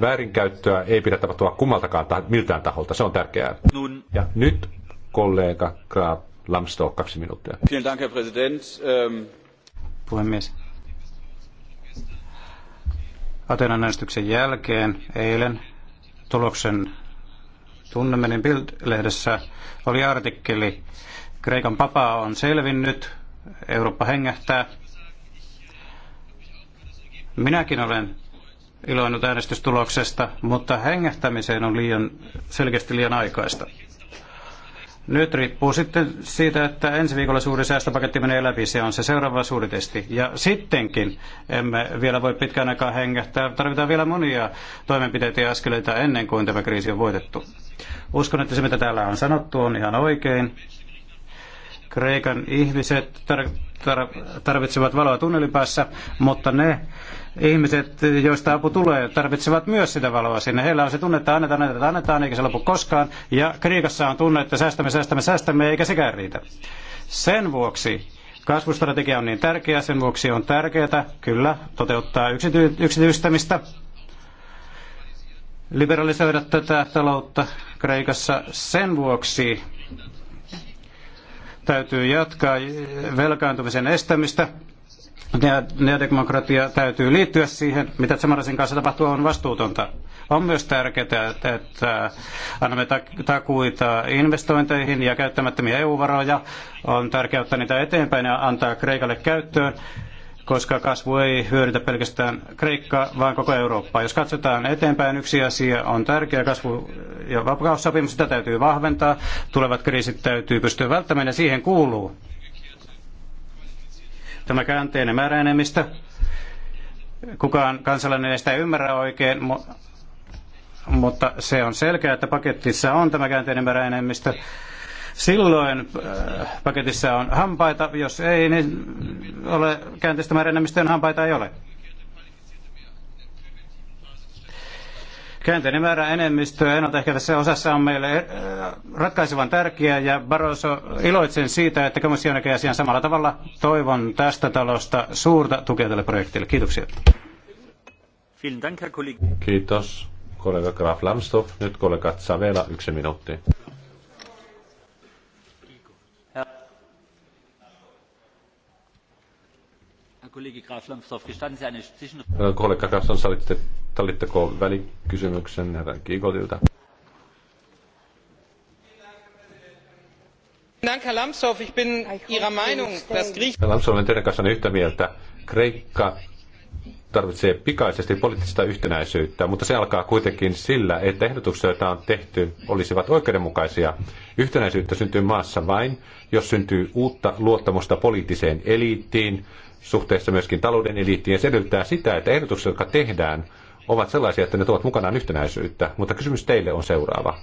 Väärinkäyttöä ei pidä tapahtua kummaltakaan tah- miltään taholta, se on tärkeää. Ja nyt kollega Graab Lamstorp, kaksi minuuttia. Ähm, Puhemies, Atenan äänestyksen jälkeen eilen tuloksen tunnemenin Bild-lehdessä oli artikkeli Kreikan papa on selvinnyt, Eurooppa hengähtää. Minäkin olen iloinut äänestystuloksesta, mutta hengähtämiseen on liian, selkeästi liian aikaista. Nyt riippuu sitten siitä, että ensi viikolla suuri säästöpaketti menee läpi. Se on se seuraava suuri testi. Ja sittenkin emme vielä voi pitkään aikaa hengähtää. Tarvitaan vielä monia toimenpiteitä ja askeleita ennen kuin tämä kriisi on voitettu. Uskon, että se mitä täällä on sanottu on ihan oikein. Kreikan ihmiset tar- tar- tarvitsevat valoa tunnelipäässä, mutta ne, ihmiset, joista apu tulee, tarvitsevat myös sitä valoa sinne. Heillä on se tunne, että annetaan, annetaan, annetaan, eikä se lopu koskaan. Ja kriikassa on tunne, että säästämme, säästämme, säästämme, eikä sekään riitä. Sen vuoksi kasvustrategia on niin tärkeä, sen vuoksi on tärkeää, kyllä, toteuttaa yksity- yksityistämistä, liberalisoida tätä taloutta Kreikassa. Sen vuoksi täytyy jatkaa velkaantumisen estämistä demokratia täytyy liittyä siihen, mitä Samarasin kanssa tapahtuu, on vastuutonta. On myös tärkeää, että annamme takuita investointeihin ja käyttämättömiä EU-varoja. On tärkeää ottaa niitä eteenpäin ja antaa Kreikalle käyttöön koska kasvu ei hyödytä pelkästään Kreikkaa, vaan koko Eurooppaa. Jos katsotaan eteenpäin, yksi asia on tärkeä kasvu- ja vapaussopimus, sitä täytyy vahventaa. Tulevat kriisit täytyy pystyä välttämään ja siihen kuuluu Tämä käänteinen määräenemmistö. Kukaan kansalainen ei sitä ymmärrä oikein, mutta se on selkeää, että paketissa on tämä käänteinen määräenemmistö. Silloin äh, paketissa on hampaita, jos ei, niin ole käänteistä määräenemmistöön niin hampaita ei ole. Käänteinen määrä enemmistöä ennaltaehkäisessä osassa on meille eh, ratkaisevan tärkeä ja Barroso iloitsen siitä, että komissio näkee asian samalla tavalla. Toivon tästä talosta suurta tukea tälle projektille. Kiitoksia. Kiitos kollega Graf Lamstov. Nyt kollega Savela, yksi minuutti. Kollega Graflan, sallitte, sallitteko välikysymyksen herra Kiikolilta? Herr Lambsdorff, ich bin Ihrer Meinung, dass Griechenland... Lambsdorff, olen teidän kanssanne yhtä mieltä. Kreikka tarvitsee pikaisesti poliittista yhtenäisyyttä, mutta se alkaa kuitenkin sillä, että ehdotukset, joita on tehty, olisivat oikeudenmukaisia. Yhtenäisyyttä syntyy maassa vain, jos syntyy uutta luottamusta poliittiseen eliittiin, suhteessa myöskin talouden eliittiin. Ja se edellyttää sitä, että ehdotukset, jotka tehdään, ovat sellaisia, että ne tuovat mukanaan yhtenäisyyttä. Mutta kysymys teille on seuraava.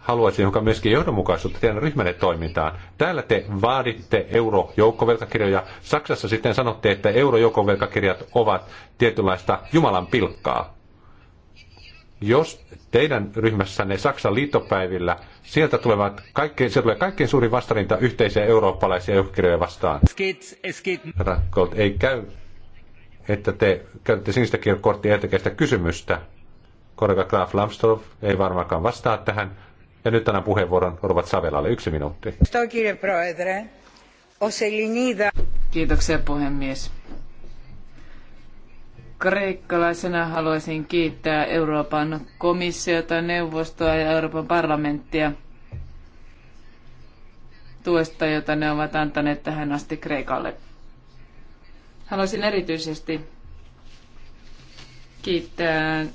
Haluaisin joka myöskin johdonmukaisuutta teidän ryhmänne toimintaan. Täällä te vaaditte eurojoukkovelkakirjoja. Saksassa sitten sanotte, että eurojoukkovelkakirjat ovat tietynlaista Jumalan pilkkaa. Jos teidän ryhmässänne Saksan liittopäivillä Sieltä, tulevat kaikkein, sieltä tulee kaikkein suurin vastarinta yhteisiä eurooppalaisia johkirjoja vastaan. Herra Gold, ei käy, että te käytätte sinistä kirkkorttia ettekä kysymystä. Kollega Graf Lambsdorff ei varmaankaan vastaa tähän. Ja nyt tänään puheenvuoron Orvat Savelalle. Yksi minuutti. Kiitoksia puhemies. Kreikkalaisena haluaisin kiittää Euroopan komissiota, neuvostoa ja Euroopan parlamenttia tuesta, jota ne ovat antaneet tähän asti Kreikalle. Haluaisin erityisesti kiittää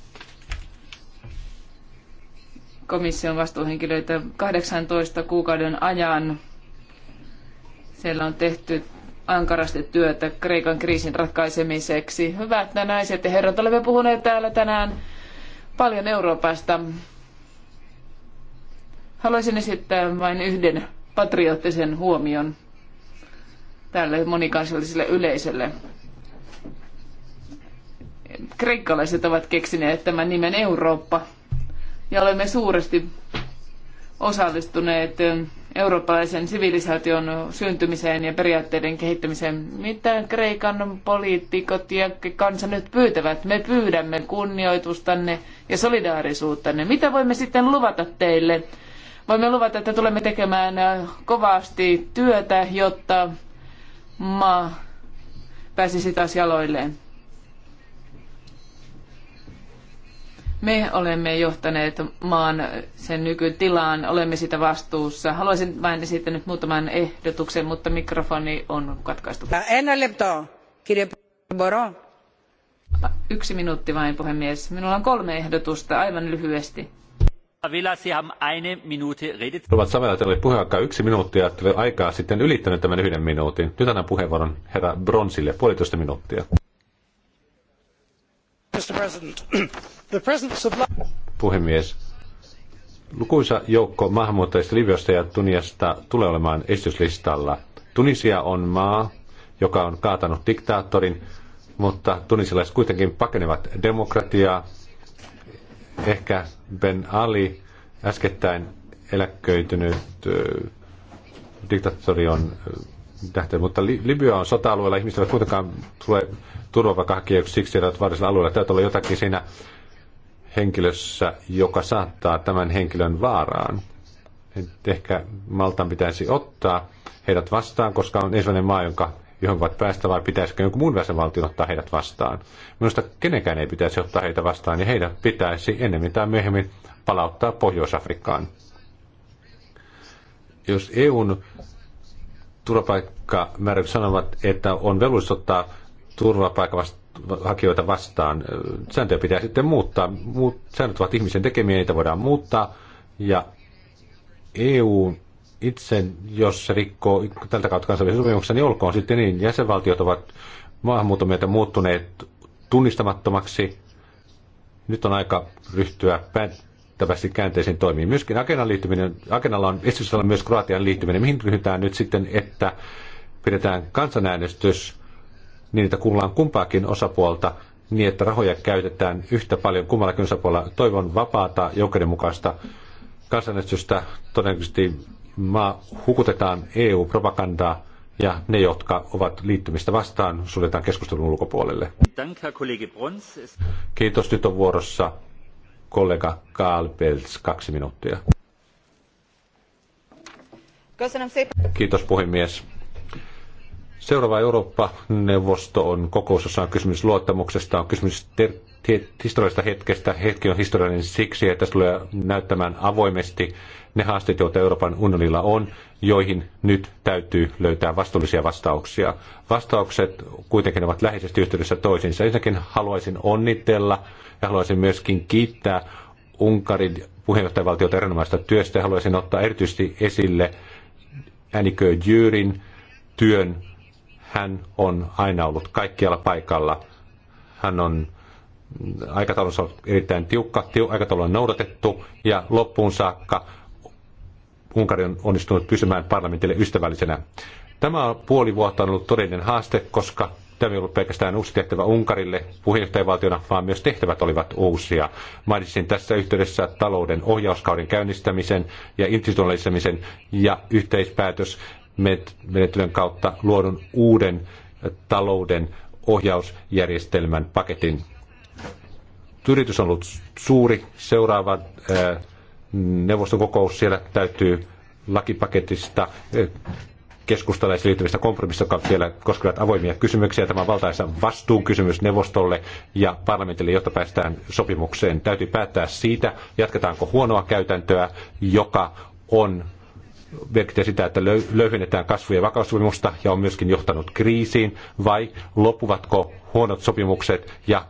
komission vastuuhenkilöitä 18 kuukauden ajan. Siellä on tehty ankarasti työtä Kreikan kriisin ratkaisemiseksi. Hyvät naiset ja herrat, olemme puhuneet täällä tänään paljon Euroopasta. Haluaisin esittää vain yhden patriottisen huomion tälle monikansalliselle yleisölle. Kreikkalaiset ovat keksineet tämän nimen Eurooppa ja olemme suuresti osallistuneet eurooppalaisen sivilisaation syntymiseen ja periaatteiden kehittämiseen. Mitä Kreikan poliitikot ja kansa nyt pyytävät? Me pyydämme kunnioitustanne ja solidaarisuuttanne. Mitä voimme sitten luvata teille? Voimme luvata, että tulemme tekemään kovasti työtä, jotta maa pääsisi taas jaloilleen. Me olemme johtaneet maan sen nykytilaan, olemme sitä vastuussa. Haluaisin vain esittää nyt muutaman ehdotuksen, mutta mikrofoni on katkaistu. Yksi minuutti vain, puhemies. Minulla on kolme ehdotusta, aivan lyhyesti. Avila, Sie haben eine Minute redet. Ovat teillä oli puheaikaa yksi minuutti ja aikaa sitten ylittänyt tämän yhden minuutin. Nyt annan puheenvuoron herra Bronsille, puolitoista minuuttia. Puhemies. Lukuisa joukko maahanmuuttajista Libyasta ja Tuniasta tulee olemaan esityslistalla. Tunisia on maa, joka on kaatanut diktaattorin, mutta tunisilaiset kuitenkin pakenevat demokratiaa. Ehkä Ben Ali, äskettäin eläköitynyt diktaattori on nähty. Mutta Libya on sota-alueella, ihmiset eivät kuitenkaan tule turvapaikanhakijaksi siksi, että varsin alueella. Täytyy olla jotakin siinä henkilössä, joka saattaa tämän henkilön vaaraan. Et ehkä Maltan pitäisi ottaa heidät vastaan, koska on ensimmäinen maa, jonka johon voivat päästä, vai pitäisikö jonkun muun jäsenvaltion ottaa heidät vastaan. Minusta kenenkään ei pitäisi ottaa heitä vastaan, ja niin heidät pitäisi ennemmin tai myöhemmin palauttaa Pohjois-Afrikkaan. Jos EUn turvapaikkamääräykset sanovat, että on velvollisuus ottaa turvapaikanhakijoita vastaan. Sääntöjä pitää sitten muuttaa. Muut, säännöt ovat ihmisen tekemiä, niitä voidaan muuttaa. Ja EU itse, jos se rikkoo tältä kautta kansainvälisen sopimuksen, niin olkoon sitten niin. Jäsenvaltiot ovat maahanmuuton muuttuneet tunnistamattomaksi. Nyt on aika ryhtyä merkittävästi käänteisiin toimiin. Myöskin Agenan liittyminen, Agenalla on esityksellä myös Kroatian liittyminen. Mihin ryhdytään nyt sitten, että pidetään kansanäänestys niin, että kuullaan kumpaakin osapuolta niin, että rahoja käytetään yhtä paljon kummallakin osapuolella. Toivon vapaata, joukkodenmukaista kansanäänestystä. Todennäköisesti maa hukutetaan EU-propagandaa ja ne, jotka ovat liittymistä vastaan, suljetaan keskustelun ulkopuolelle. Kiitos, nyt on vuorossa kollega Karl Pels, kaksi minuuttia. Kiitos puhemies. Seuraava Eurooppa-neuvosto on kokous, jossa on kysymys luottamuksesta, on kysymys ter- historiallisesta hetkestä. Hetki on historiallinen siksi, että se tulee näyttämään avoimesti ne haasteet, joita Euroopan unionilla on, joihin nyt täytyy löytää vastuullisia vastauksia. Vastaukset kuitenkin ovat läheisesti yhteydessä toisiinsa. Ensinnäkin haluaisin onnitella ja haluaisin myöskin kiittää Unkarin puheenjohtajavaltiota erinomaista työstä. Haluaisin ottaa erityisesti esille Annikö Jyrin työn. Hän on aina ollut kaikkialla paikalla. Hän on aikataulussa on erittäin tiukka, tiu, aikataulu on noudatettu ja loppuun saakka Unkari on onnistunut pysymään parlamentille ystävällisenä. Tämä on puoli vuotta on ollut todellinen haaste, koska tämä ei ollut pelkästään uusi tehtävä Unkarille puheenjohtajavaltiona, vaan myös tehtävät olivat uusia. Mainitsin tässä yhteydessä talouden ohjauskauden käynnistämisen ja institutionalisemisen ja yhteispäätös menettelyn kautta luodun uuden talouden ohjausjärjestelmän paketin yritys on ollut suuri. Seuraava neuvoston kokous siellä täytyy lakipaketista keskustella liittyvistä kompromissista, jotka vielä koskevat avoimia kysymyksiä. Tämä on valtaisa vastuun kysymys neuvostolle ja parlamentille, jotta päästään sopimukseen. Täytyy päättää siitä, jatketaanko huonoa käytäntöä, joka on merkitsee sitä, että löyhennetään kasvu- ja vakaussopimusta ja on myöskin johtanut kriisiin, vai loppuvatko huonot sopimukset ja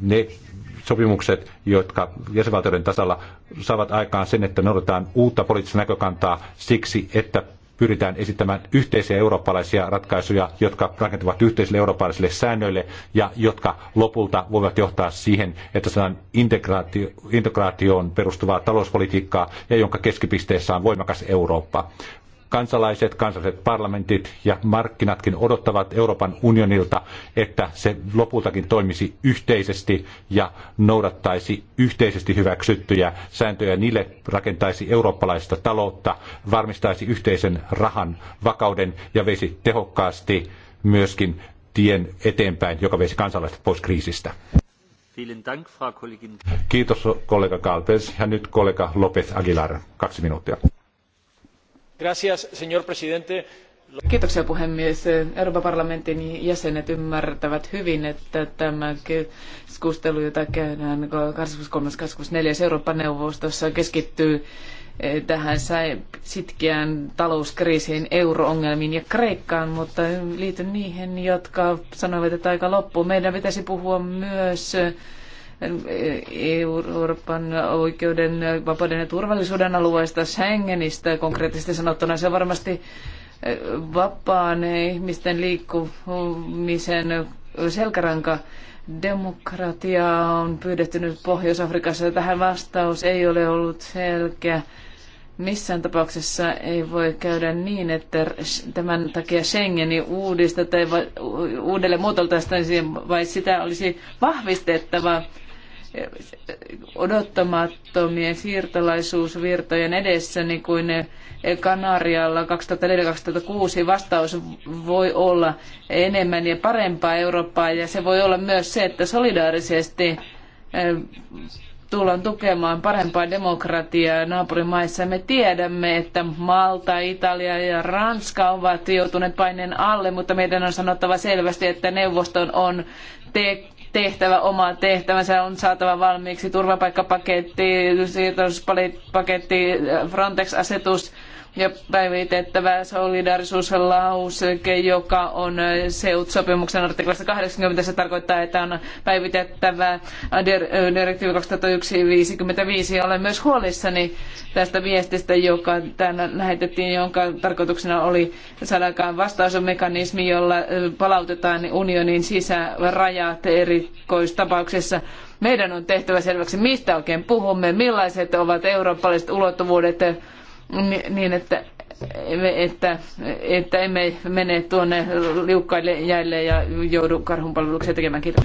ne sopimukset, jotka jäsenvaltioiden tasalla saavat aikaan sen, että noudatetaan uutta poliittista näkökantaa siksi, että pyritään esittämään yhteisiä eurooppalaisia ratkaisuja, jotka rakentuvat yhteisille eurooppalaisille säännöille ja jotka lopulta voivat johtaa siihen, että saadaan integraatio, integraatioon perustuvaa talouspolitiikkaa ja jonka keskipisteessä on voimakas Eurooppa. Kansalaiset, kansalliset parlamentit ja markkinatkin odottavat Euroopan unionilta, että se lopultakin toimisi yhteisesti ja noudattaisi yhteisesti hyväksyttyjä sääntöjä. Niille rakentaisi eurooppalaista taloutta, varmistaisi yhteisen rahan vakauden ja veisi tehokkaasti myöskin tien eteenpäin, joka veisi kansalaiset pois kriisistä. Kiitos kollega Kalpes ja nyt kollega López Aguilar. Kaksi minuuttia señor presidente Kiitoksia puhemies. Euroopan parlamentin jäsenet ymmärtävät hyvin, että tämä keskustelu, jota käydään 23.24. Eurooppa-neuvostossa keskittyy eh, tähän sitkeään talouskriisiin, euroongelmiin ja Kreikkaan, mutta liityn niihin, jotka sanoivat, että aika loppuu. Meidän pitäisi puhua myös Euroopan oikeuden, vapauden ja turvallisuuden alueesta Schengenistä konkreettisesti sanottuna. Se varmasti eh, vapaan ihmisten liikkumisen selkäranka demokratia on pyydetty nyt Pohjois-Afrikassa ja tähän vastaus ei ole ollut selkeä. Missään tapauksessa ei voi käydä niin, että tämän takia Schengeni uudistetaan tai uudelleen muotoiltaisiin, vai sitä olisi vahvistettava odottamattomien siirtolaisuusvirtojen edessä, niin kuin Kanarialla 2004-2006 vastaus voi olla enemmän ja parempaa Eurooppaa, ja se voi olla myös se, että solidaarisesti eh, tullaan tukemaan parempaa demokratiaa naapurimaissa. Me tiedämme, että Malta, Italia ja Ranska ovat joutuneet paineen alle, mutta meidän on sanottava selvästi, että neuvoston on te- tehtävä oma tehtävänsä, on saatava valmiiksi turvapaikkapaketti, siirtolaispaketti, Frontex-asetus, ja päivitettävä solidarisuuslauseke, joka on SEUT-sopimuksen artiklassa 80. Se tarkoittaa, että on päivitettävä direktiivi 2001-55. Olen myös huolissani tästä viestistä, joka täällä lähetettiin, jonka tarkoituksena oli saada aikaan vastausmekanismi, jolla palautetaan unionin sisärajat erikoistapauksessa meidän on tehtävä selväksi, mistä oikein puhumme, millaiset ovat eurooppalaiset ulottuvuudet niin että, että, että emme mene tuonne liukkaille jäille ja joudu karhunpalveluksia tekemään. Kiitos.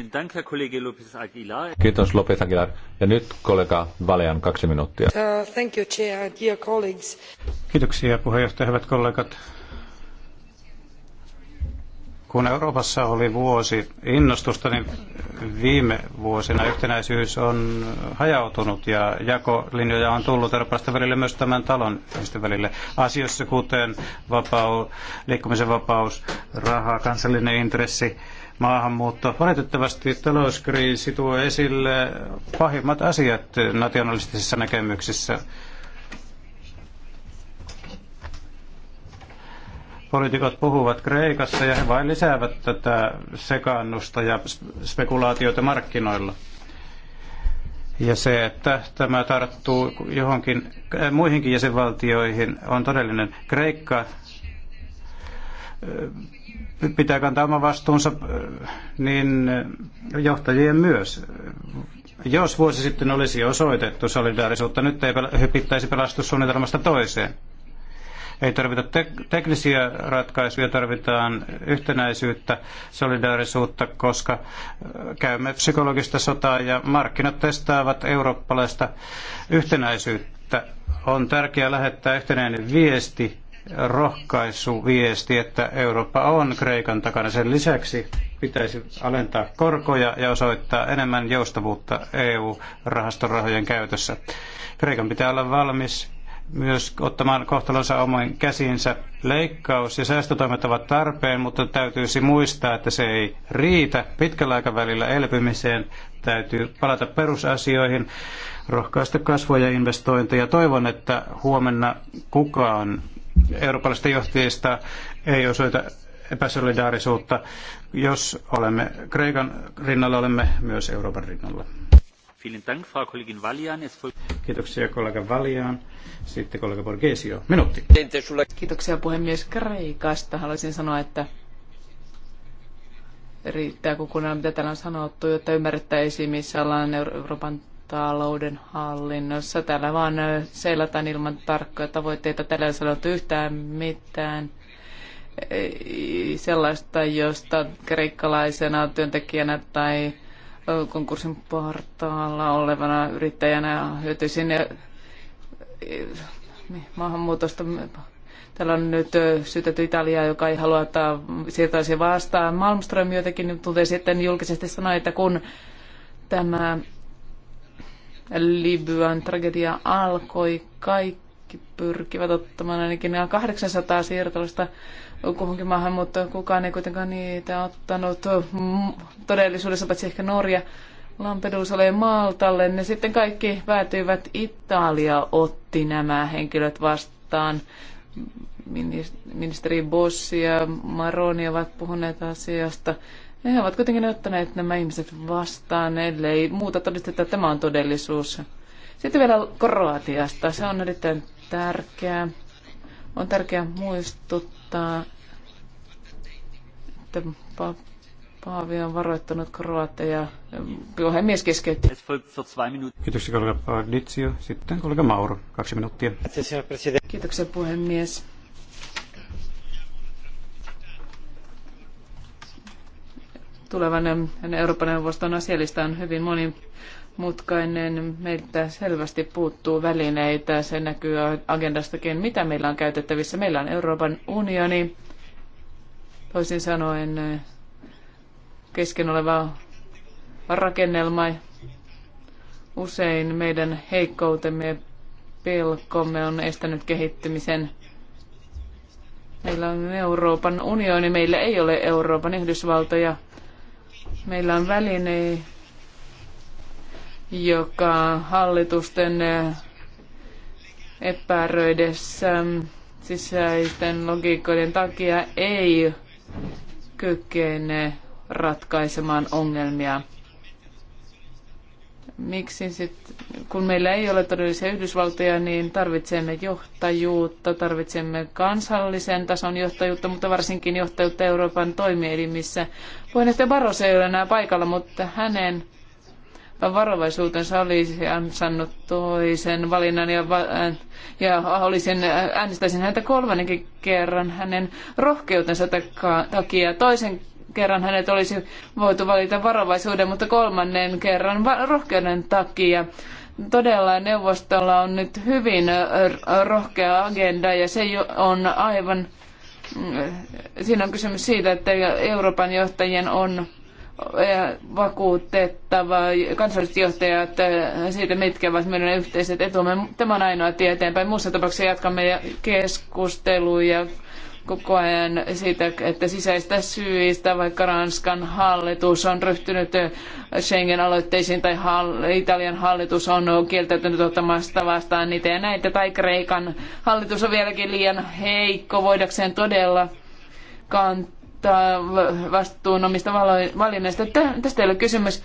Kiitos Lopez Aguilar. Ja nyt kollega Valean kaksi minuuttia. Uh, thank you, chair, dear colleagues. Kiitoksia puheenjohtaja, hyvät kollegat kun Euroopassa oli vuosi innostusta, niin viime vuosina yhtenäisyys on hajautunut ja jakolinjoja on tullut Euroopasta välille myös tämän talon ihmisten välille. Asioissa kuten vapaus, liikkumisen vapaus, raha, kansallinen intressi, maahanmuutto. Valitettavasti talouskriisi tuo esille pahimmat asiat nationalistisissa näkemyksissä poliitikot puhuvat Kreikassa ja he vain lisäävät tätä sekaannusta ja spekulaatioita markkinoilla. Ja se, että tämä tarttuu johonkin äh, muihinkin jäsenvaltioihin, on todellinen. Kreikka äh, pitää kantaa oma vastuunsa äh, niin johtajien myös. Jos vuosi sitten olisi osoitettu solidaarisuutta, nyt ei hypittäisi pelastussuunnitelmasta toiseen. Ei tarvita te- teknisiä ratkaisuja, tarvitaan yhtenäisyyttä, solidaarisuutta, koska äh, käymme psykologista sotaa ja markkinat testaavat eurooppalaista yhtenäisyyttä. On tärkeää lähettää yhtenäinen viesti, rohkaisuviesti, että Eurooppa on Kreikan takana. Sen lisäksi pitäisi alentaa korkoja ja osoittaa enemmän joustavuutta EU-rahaston rahojen käytössä. Kreikan pitää olla valmis myös ottamaan kohtalonsa omiin käsiinsä. Leikkaus ja säästötoimet ovat tarpeen, mutta täytyisi muistaa, että se ei riitä pitkällä aikavälillä elpymiseen. Täytyy palata perusasioihin, rohkaista kasvua ja investointeja. Toivon, että huomenna kukaan eurooppalaisista johtajista ei osoita epäsolidaarisuutta. Jos olemme Kreikan rinnalla, olemme myös Euroopan rinnalla. Kiitoksia kollega Valiaan. Sitten kollega Borgesio. Minuutti. Kiitoksia puhemies Kreikasta. Haluaisin sanoa, että riittää kun kuunnella, mitä täällä on sanottu, jotta ymmärrettäisiin, missä ollaan Euroopan talouden hallinnossa. Täällä vaan seilataan ilman tarkkoja tavoitteita. Täällä ei sanottu yhtään mitään sellaista, josta kreikkalaisena työntekijänä tai konkurssin partaalla olevana yrittäjänä hyötyisin eh, maahanmuutosta. Täällä on nyt eh, syytetty Italiaa, joka ei halua ottaa siirtolaisia vastaan. Malmström jotenkin tuntee sitten julkisesti sanoa, että kun tämä Libyan tragedia alkoi, kaikki pyrkivät ottamaan ainakin 800 siirtolaista kuhunkin maahan, mutta kukaan ei kuitenkaan niitä ottanut mm, todellisuudessa, paitsi ehkä Norja. Lampedusa ja Maltalle, ne sitten kaikki päätyivät Italia otti nämä henkilöt vastaan. Ministeri Bossi ja Maroni ovat puhuneet asiasta. He ovat kuitenkin ottaneet nämä ihmiset vastaan, ellei muuta todisteta, että tämä on todellisuus. Sitten vielä Kroatiasta. Se on erittäin tärkeää. On tärkeää muistuttaa että, että pa- Paavi on varoittanut kroateja. Puhemies keskeytti. Kiitoksia kollega Paaditsio. Sitten kollega Mauro, kaksi minuuttia. Kiitoksia puhemies. Tulevainen Euroopan neuvoston asialista on hyvin moni monimutkainen. Meiltä selvästi puuttuu välineitä. Se näkyy agendastakin, mitä meillä on käytettävissä. Meillä on Euroopan unioni, toisin sanoen kesken oleva rakennelma. Usein meidän heikkoutemme ja pelkomme on estänyt kehittymisen. Meillä on Euroopan unioni, meillä ei ole Euroopan Yhdysvaltoja. Meillä on väline, joka hallitusten eh, epäröidessä mm, sisäisten logiikoiden takia ei kykene ratkaisemaan ongelmia. Miksi sitten, kun meillä ei ole todellisia Yhdysvaltoja, niin tarvitsemme johtajuutta, tarvitsemme kansallisen tason johtajuutta, mutta varsinkin johtajuutta Euroopan toimielimissä. Puheenjohtaja Barros ei ole enää paikalla, mutta hänen varovaisuutensa olisi ansannut toisen valinnan ja, ja olisin, äänestäisin häntä kolmannenkin kerran hänen rohkeutensa takia. Toisen kerran hänet olisi voitu valita varovaisuuden, mutta kolmannen kerran rohkeuden takia. Todella neuvostolla on nyt hyvin rohkea agenda ja se on aivan, mm, siinä on kysymys siitä, että Euroopan johtajien on vakuutettava kansalliset johtajat äh, siitä, mitkä ovat meidän yhteiset etumme. Tämä on ainoa tie eteenpäin. Muussa tapauksessa jatkamme keskusteluja koko ajan siitä, että sisäistä syistä, vaikka Ranskan hallitus on ryhtynyt Schengen-aloitteisiin tai Italian hallitus on kieltäytynyt ottamasta vastaan niitä ja näitä, tai Kreikan hallitus on vieläkin liian heikko voidakseen todella kantaa ottaa vastuun omista valinnoista. Tästä ei ole kysymys.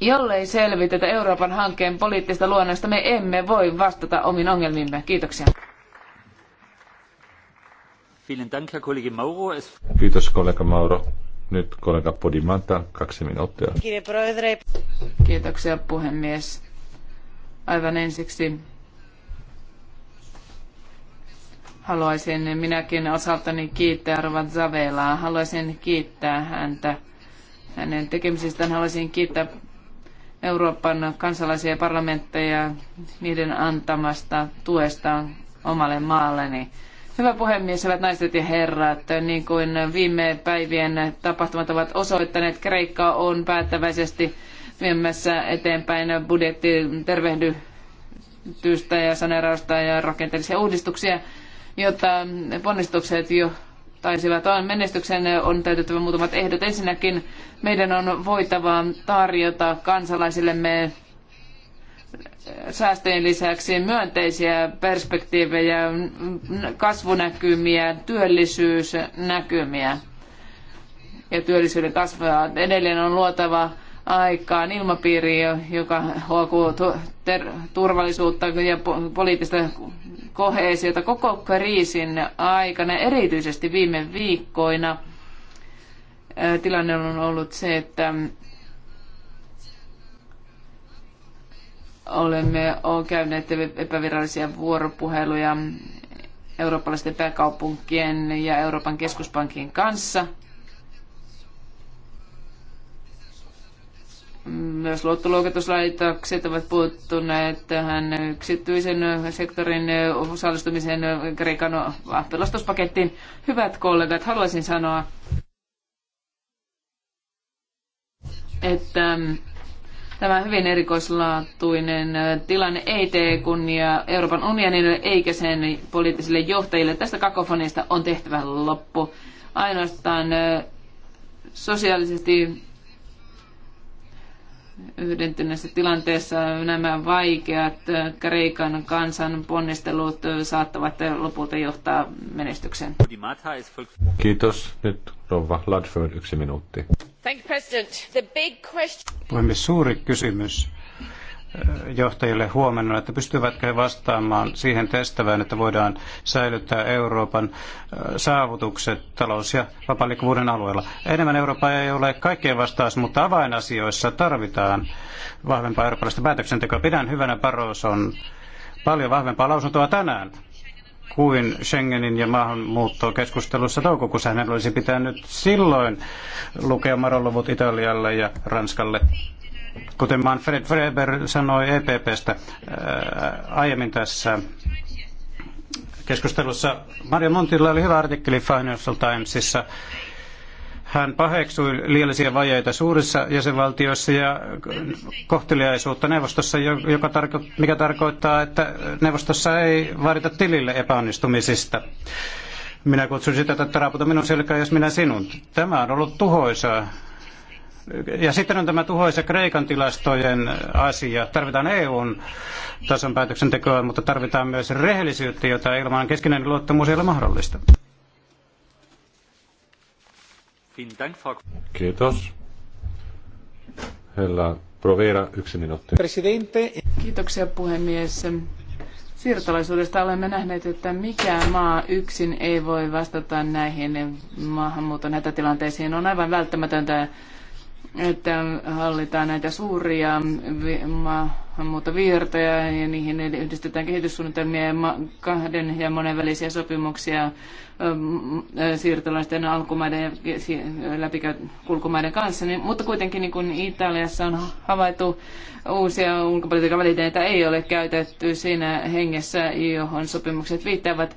Jollei selvitetä Euroopan hankkeen poliittista luonnosta, me emme voi vastata omiin ongelmiimme. Kiitoksia. Kiitos kollega Mauro. Nyt kollega Podimanta, kaksi minuuttia. Kiitoksia puhemies. Aivan ensiksi Haluaisin minäkin osaltani kiittää Rovat Zavelaa. Haluaisin kiittää häntä hänen tekemisestään. Haluaisin kiittää Euroopan kansalaisia parlamentteja niiden antamasta tuesta omalle maalleni. Hyvä puhemies, hyvät naiset ja herrat, niin kuin viime päivien tapahtumat ovat osoittaneet, Kreikka on päättäväisesti viemässä eteenpäin budjettiin ja saneerausta ja rakenteellisia uudistuksia jotta ponnistukset jo taisivat on menestyksen on täytettävä muutamat ehdot. Ensinnäkin meidän on voitava tarjota kansalaisillemme säästöjen lisäksi myönteisiä perspektiivejä, kasvunäkymiä, työllisyysnäkymiä ja työllisyyden kasvua. Edelleen on luotava aikaan ilmapiiri, joka huokuu turvallisuutta ja poliittista koheesiota koko kriisin aikana, erityisesti viime viikkoina. Tilanne on ollut se, että olemme käyneet epävirallisia vuoropuheluja eurooppalaisten pääkaupunkien ja Euroopan keskuspankin kanssa – Myös luottoluokituslaitokset ovat puuttuneet tähän yksityisen sektorin osallistumiseen Kreikan pelastuspakettiin. Hyvät kollegat, haluaisin sanoa, että tämä hyvin erikoislaatuinen tilanne ei tee kunnia Euroopan unionille eikä sen poliittisille johtajille. Tästä kakofonista on tehtävä loppu. Ainoastaan sosiaalisesti yhdentyneessä tilanteessa nämä vaikeat äh, Kreikan kansan ponnistelut äh, saattavat äh, lopulta johtaa menestykseen. Kiitos. Nyt Rova Ladford, yksi minuutti. Thank you, President. The big question... Puhemies, suuri kysymys johtajille huomenna, että pystyvätkö he vastaamaan siihen testävään, että voidaan säilyttää Euroopan saavutukset talous- ja vapaalikuvuuden alueella. Enemmän Eurooppa ei ole kaikkien vastaus, mutta avainasioissa tarvitaan vahvempaa eurooppalaista päätöksentekoa. Pidän hyvänä Paroson paljon vahvempaa lausuntoa tänään kuin Schengenin ja maahanmuuttokeskustelussa toukokuussa. Hänen olisi pitänyt silloin lukea maroluvut Italialle ja Ranskalle Kuten Manfred Weber sanoi EPPstä ää, äh, aiemmin tässä keskustelussa, Mario Montilla oli hyvä artikkeli Financial Timesissa. Hän paheksui liiallisia vajeita suurissa jäsenvaltioissa ja kohteliaisuutta neuvostossa, joka tarko- mikä tarkoittaa, että neuvostossa ei vaadita tilille epäonnistumisista. Minä kutsun sitä, että raaputa minun selkään, jos minä sinun. Tämä on ollut tuhoisaa ja sitten on tämä tuhoisa Kreikan tilastojen asia. Tarvitaan EUn tason päätöksentekoa, mutta tarvitaan myös rehellisyyttä, jota ilman keskinäinen luottamus ei ole mahdollista. Kiitos. Hella Provera, yksi minuutti. Presidente. Kiitoksia puhemies. Siirtolaisuudesta olemme nähneet, että mikään maa yksin ei voi vastata näihin maahanmuuton hätätilanteisiin. On aivan välttämätöntä että hallitaan näitä suuria maahanmuuttovirtoja ja niihin yhdistetään kehityssuunnitelmia ja kahden ja monenvälisiä sopimuksia siirtolaisten alkumaiden ja läpikulkumaiden kanssa. Niin, mutta kuitenkin niin kuin Italiassa on havaittu uusia ulkopolitiikan välineitä ei ole käytetty siinä hengessä, johon sopimukset viittaavat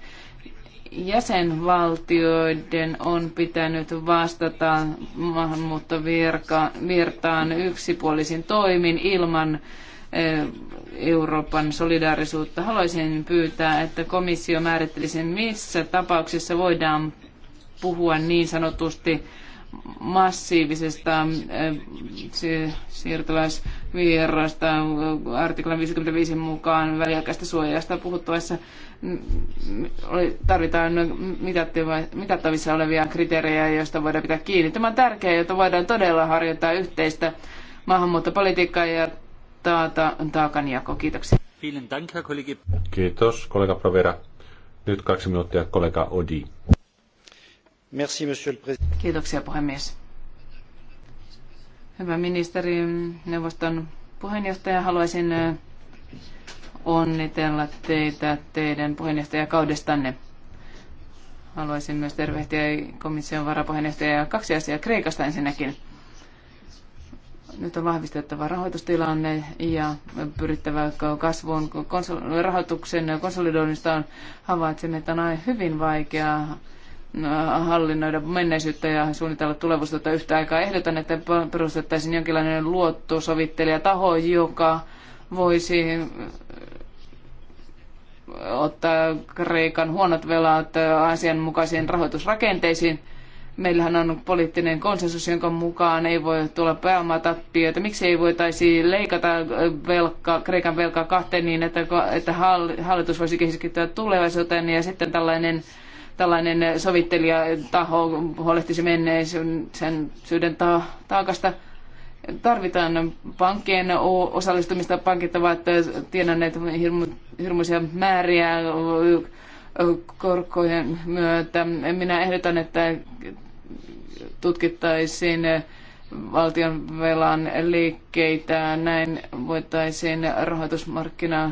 jäsenvaltioiden on pitänyt vastata maahanmuuttovirtaan yksipuolisin toimin ilman eh, Euroopan solidaarisuutta. Haluaisin pyytää, että komissio määrittelisi, missä tapauksissa voidaan puhua niin sanotusti massiivisesta eh, siirtolaisuudesta vierasta artiklan 55 mukaan väliaikaista suojasta oli, tarvitaan mitattavissa olevia kriteerejä, joista voidaan pitää kiinni. Tämä on tärkeää, jotta voidaan todella harjoittaa yhteistä maahanmuuttopolitiikkaa ja taata taakanjako. Kiitoksia. Kiitos, kollega Provera. Nyt kaksi minuuttia, kollega Odi. Merci, Kiitoksia, puhemies Hyvä ministeri, neuvoston puheenjohtaja, haluaisin onnitella teitä teidän puheenjohtajakaudestanne. Haluaisin myös tervehtiä komission varapuheenjohtajaa kaksi asiaa Kreikasta ensinnäkin. Nyt on vahvistettava rahoitustilanne ja pyrittävä kasvuun. Konsol- rahoituksen konsolidoinnista on havaitsemme, että on hyvin vaikeaa Äh, hallinnoida menneisyyttä ja suunnitella tulevaisuutta yhtä aikaa. Ehdotan, että perustettaisiin jonkinlainen luottosovittelijataho, joka voisi äh, ottaa Kreikan huonot velat äh, asianmukaisiin rahoitusrakenteisiin. Meillähän on poliittinen konsensus, jonka mukaan ei voi tulla pääomatappioita. Miksi ei voitaisi leikata velka, Kreikan velkaa kahteen niin, että, että hallitus voisi keskittyä tulevaisuuteen ja sitten tällainen tällainen sovittelijataho huolehtisi menneisyyden syyden ta- taakasta. Tarvitaan pankkien osallistumista. Pankit ovat tienanneet hirmu, hirmuisia määriä korkojen myötä. Minä ehdotan, että tutkittaisiin valtion velan liikkeitä. Näin voitaisiin rahoitusmarkkinaa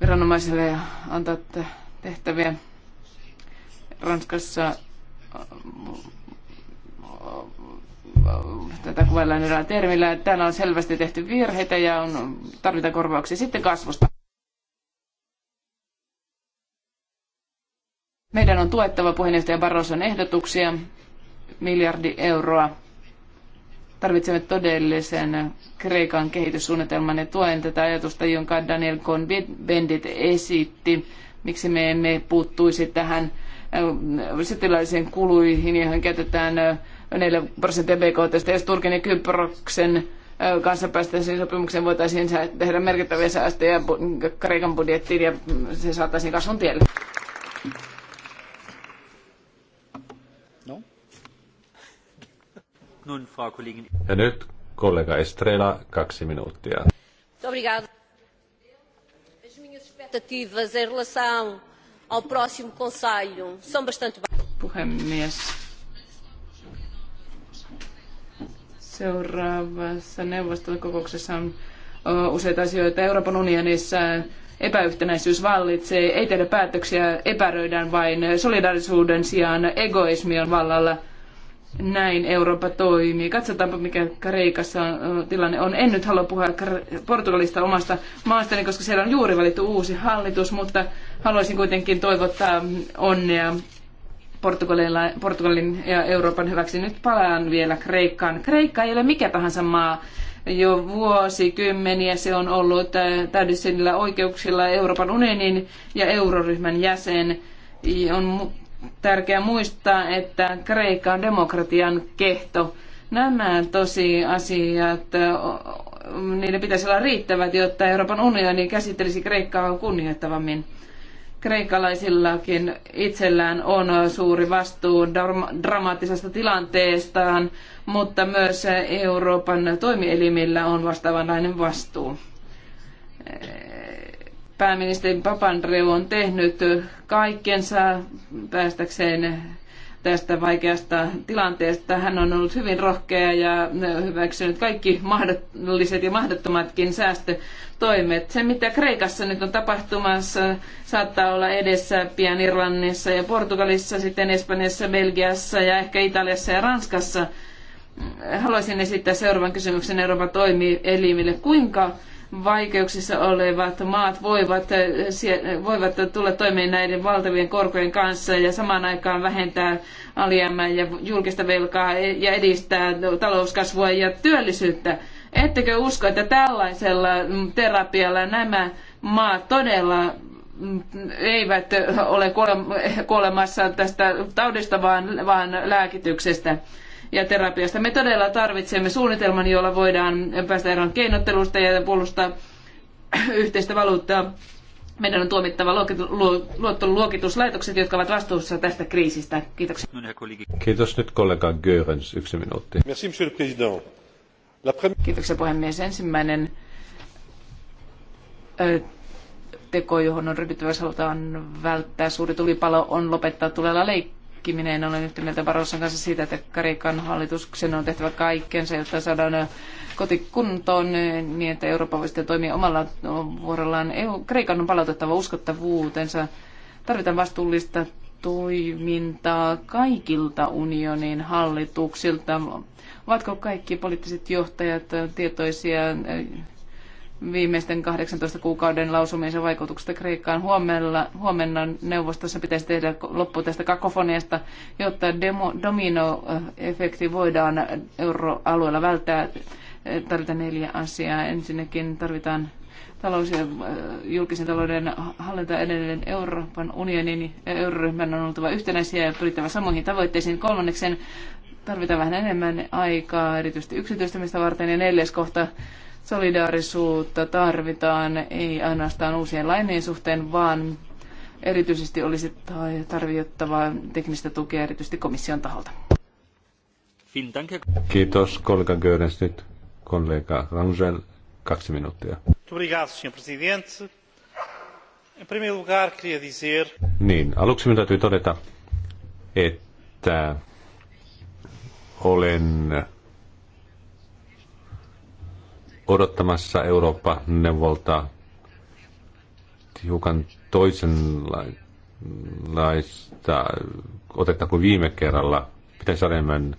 viranomaisille antaa tehtäviä. Ranskassa tätä kuvaillaan erään termillä, että täällä on selvästi tehty virheitä ja on, tarvita korvauksia sitten kasvusta. Meidän on tuettava puheenjohtaja Barroson ehdotuksia, miljardi euroa. Tarvitsemme todellisen Kreikan kehityssuunnitelman ja tuen tätä ajatusta, jonka Daniel Cohn-Bendit esitti. Miksi me emme puuttuisi tähän sotilaisiin kuluihin, joihin käytetään 4 prosenttia BKT, jos Turkin ja Kyproksen kanssa päästäisiin sopimukseen, voitaisiin tehdä merkittäviä säästöjä Kreikan budjettiin ja se saataisiin kasvun tielle. No. Ja nyt kollega Estrela, kaksi minuuttia. Muito obrigado. As minhas expectativas em relação ao próximo Conselho são bastante Puhemies. Seuraavassa neuvostokokouksessa on useita asioita Euroopan unionissa. Epäyhtenäisyys vallitsee, ei tehdä päätöksiä, epäröidään vain. Solidaarisuuden sijaan egoismi on vallalla – näin Eurooppa toimii. Katsotaanpa, mikä Kreikassa on, äh, tilanne on. En nyt halua puhua Portugalista omasta maastani, koska siellä on juuri valittu uusi hallitus, mutta haluaisin kuitenkin toivottaa onnea Portugalin ja Euroopan hyväksi. Nyt palaan vielä Kreikkaan. Kreikka ei ole mikä tahansa maa. Jo vuosikymmeniä se on ollut äh, täydellisillä oikeuksilla Euroopan unionin ja euroryhmän jäsen. On tärkeää muistaa, että Kreikka on demokratian kehto. Nämä tosiasiat, niiden pitäisi olla riittävät, jotta Euroopan unioni käsittelisi Kreikkaa kunnioittavammin. Kreikkalaisillakin itsellään on suuri vastuu dramaattisesta tilanteestaan, mutta myös Euroopan toimielimillä on vastaavanlainen vastuu Pääministeri Papandreou on tehnyt kaikkensa päästäkseen tästä vaikeasta tilanteesta. Hän on ollut hyvin rohkea ja hyväksynyt kaikki mahdolliset ja mahdottomatkin säästötoimet. Se, mitä Kreikassa nyt on tapahtumassa, saattaa olla edessä pian Irlannissa ja Portugalissa, sitten Espanjassa, Belgiassa ja ehkä Italiassa ja Ranskassa. Haluaisin esittää seuraavan kysymyksen Euroopan toimielimille. Kuinka vaikeuksissa olevat maat voivat, eh, voivat tulla toimeen näiden valtavien korkojen kanssa ja samaan aikaan vähentää alijäämää ja julkista velkaa e- ja edistää talouskasvua ja työllisyyttä. Ettekö usko, että tällaisella mm, terapialla nämä maat todella mm, eivät ole kuolemassa tästä taudista, vaan, vaan lääkityksestä? ja terapiasta. Me todella tarvitsemme suunnitelman, jolla voidaan päästä eroon keinottelusta ja puolustaa yhteistä valuuttaa. Meidän on tuomittava luottoluokituslaitokset, jotka ovat vastuussa tästä kriisistä. Kiitoksia. Kiitos nyt kollega Görens, yksi minuutti. Merci, monsieur le président. Kiitoksia puhemies. Ensimmäinen teko, johon on ryhdyttävä, jos halutaan välttää suuri tulipalo, on lopettaa tulella leikki Kiminen minä en ole yhtä mieltä Barroson kanssa siitä, että Karikan hallituksen on tehtävä kaikkensa, jotta saadaan äh, kotikuntoon äh, niin, että Eurooppa voi sitten toimia omalla äh, vuorollaan. EU, Kreikan on palautettava uskottavuutensa. Tarvitaan vastuullista toimintaa kaikilta unionin hallituksilta. Ovatko kaikki poliittiset johtajat tietoisia viimeisten 18 kuukauden lausumiensa vaikutuksesta Kreikkaan. Huomenna, huomenna neuvostossa pitäisi tehdä loppu tästä kakofoniasta, jotta demo, dominoefekti voidaan euroalueella välttää. Tarvitaan neljä asiaa. Ensinnäkin tarvitaan talous- ja äh, julkisen talouden hallinta edelleen Euroopan unionin ja äh, euroryhmän on oltava yhtenäisiä ja pyrittävä samoihin tavoitteisiin. Kolmanneksen tarvitaan vähän enemmän aikaa, erityisesti yksityistämistä varten. Ja neljäs kohta Solidaarisuutta tarvitaan ei ainoastaan uusien lainien suhteen, vaan erityisesti olisi tarvittavaa teknistä tukea erityisesti komission taholta. Kiitos kollega Görens nyt. Kollega Rangel, kaksi minuuttia. Niin, aluksi minun täytyy todeta, että olen odottamassa Eurooppa-neuvolta hiukan toisenlaista otetta kuin viime kerralla. Pitäisi saada enemmän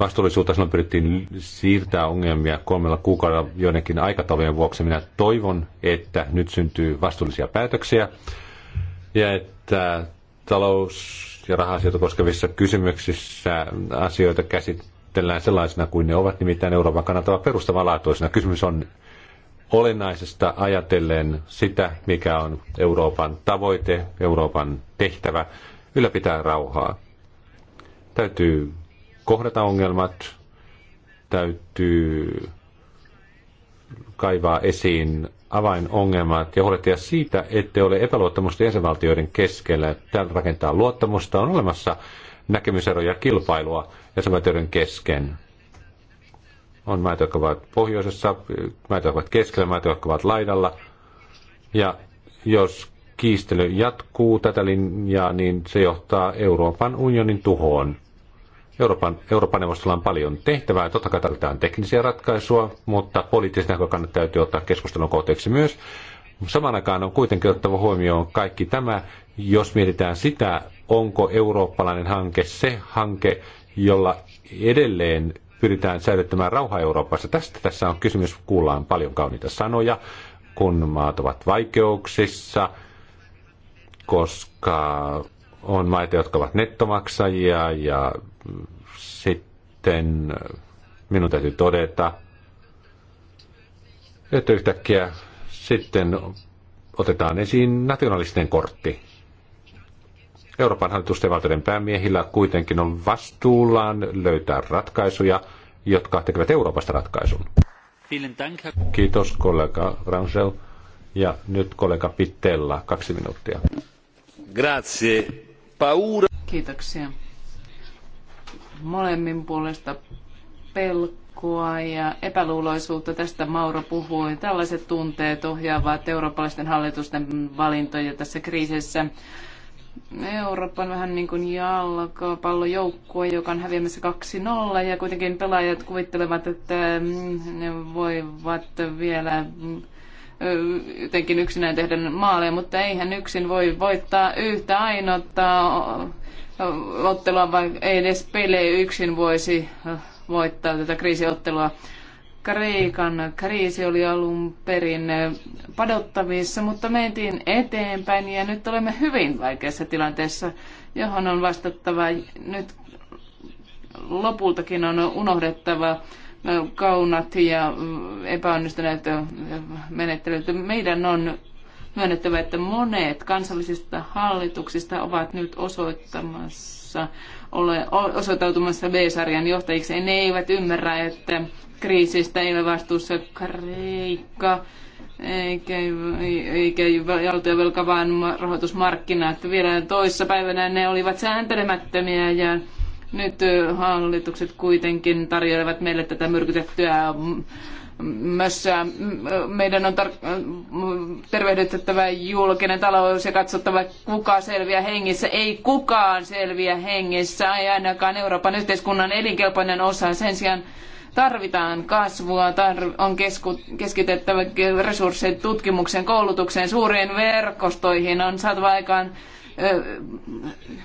vastuullisuutta. Silloin pyrittiin siirtää ongelmia kolmella kuukaudella joidenkin aikataulujen vuoksi. Minä toivon, että nyt syntyy vastuullisia päätöksiä ja että talous- ja rahasijoita koskevissa kysymyksissä asioita käsitellään käsitellään sellaisena kuin ne ovat, nimittäin Euroopan kannalta perustavanlaatuisena. Kysymys on olennaisesta ajatellen sitä, mikä on Euroopan tavoite, Euroopan tehtävä, ylläpitää rauhaa. Täytyy kohdata ongelmat, täytyy kaivaa esiin avainongelmat ja huolehtia siitä, ettei ole epäluottamusta jäsenvaltioiden keskellä. Täällä rakentaa luottamusta. On olemassa näkemyseroja kilpailua jäsenvaltioiden kesken. On maita, jotka ovat pohjoisessa, maita, jotka ovat keskellä, maita, jotka ovat laidalla. Ja jos kiistely jatkuu tätä linjaa, niin se johtaa Euroopan unionin tuhoon. Euroopan, Euroopan neuvostolla on paljon tehtävää. Totta kai tarvitaan teknisiä ratkaisuja, mutta poliittiset näkökannat täytyy ottaa keskustelun kohteeksi myös. Samaan aikaan on kuitenkin otettava huomioon kaikki tämä, jos mietitään sitä, onko eurooppalainen hanke se hanke, jolla edelleen pyritään säilyttämään rauha Euroopassa. Tästä tässä on kysymys, kuullaan paljon kauniita sanoja, kun maat ovat vaikeuksissa, koska on maita, jotka ovat nettomaksajia ja sitten minun täytyy todeta, että yhtäkkiä sitten otetaan esiin nationalistinen kortti. Euroopan hallitusten valtioiden päämiehillä kuitenkin on vastuullaan löytää ratkaisuja, jotka tekevät Euroopasta ratkaisun. Kiitos kollega Rangel. Ja nyt kollega Pittella kaksi minuuttia. Grazie. Paura. Kiitoksia. Molemmin puolesta pelkoa ja epäluuloisuutta tästä Mauro puhui. Tällaiset tunteet ohjaavat eurooppalaisten hallitusten valintoja tässä kriisissä. Eurooppa on vähän niin kuin jalkapallojoukkue, joka on häviämässä 2-0 ja kuitenkin pelaajat kuvittelevat, että mm, ne voivat vielä mm, jotenkin yksinään tehdä maaleja, mutta eihän yksin voi voittaa yhtä ainoa ottelua, vaikka ei edes pele yksin voisi voittaa tätä kriisiottelua. Kreikan kriisi oli alun perin padottavissa, mutta mentiin eteenpäin ja nyt olemme hyvin vaikeassa tilanteessa, johon on vastattava nyt lopultakin on unohdettava kaunat ja epäonnistuneet menettelyt. Meidän on myönnettävä, että monet kansallisista hallituksista ovat nyt osoittamassa ole osoittautumassa B-sarjan johtajiksi. Ne eivät ymmärrä, että kriisistä ei ole vastuussa Kreikka eikä, eikä valtiovelka, vaan rahoitusmarkkinat. Vielä toissa päivänä ne olivat sääntelemättömiä ja nyt hallitukset kuitenkin tarjoilevat meille tätä myrkytettyä mm, myös Meidän on tar- tervehdytettävä julkinen talous ja katsottava, kuka selviää hengissä. Ei kukaan selviä hengissä, ei ainakaan Euroopan yhteiskunnan elinkelpoinen osa. Sen sijaan tarvitaan kasvua, tar- on kesku- keskitettävä resursseja tutkimukseen, koulutukseen, suuriin verkostoihin, on saatava aikaan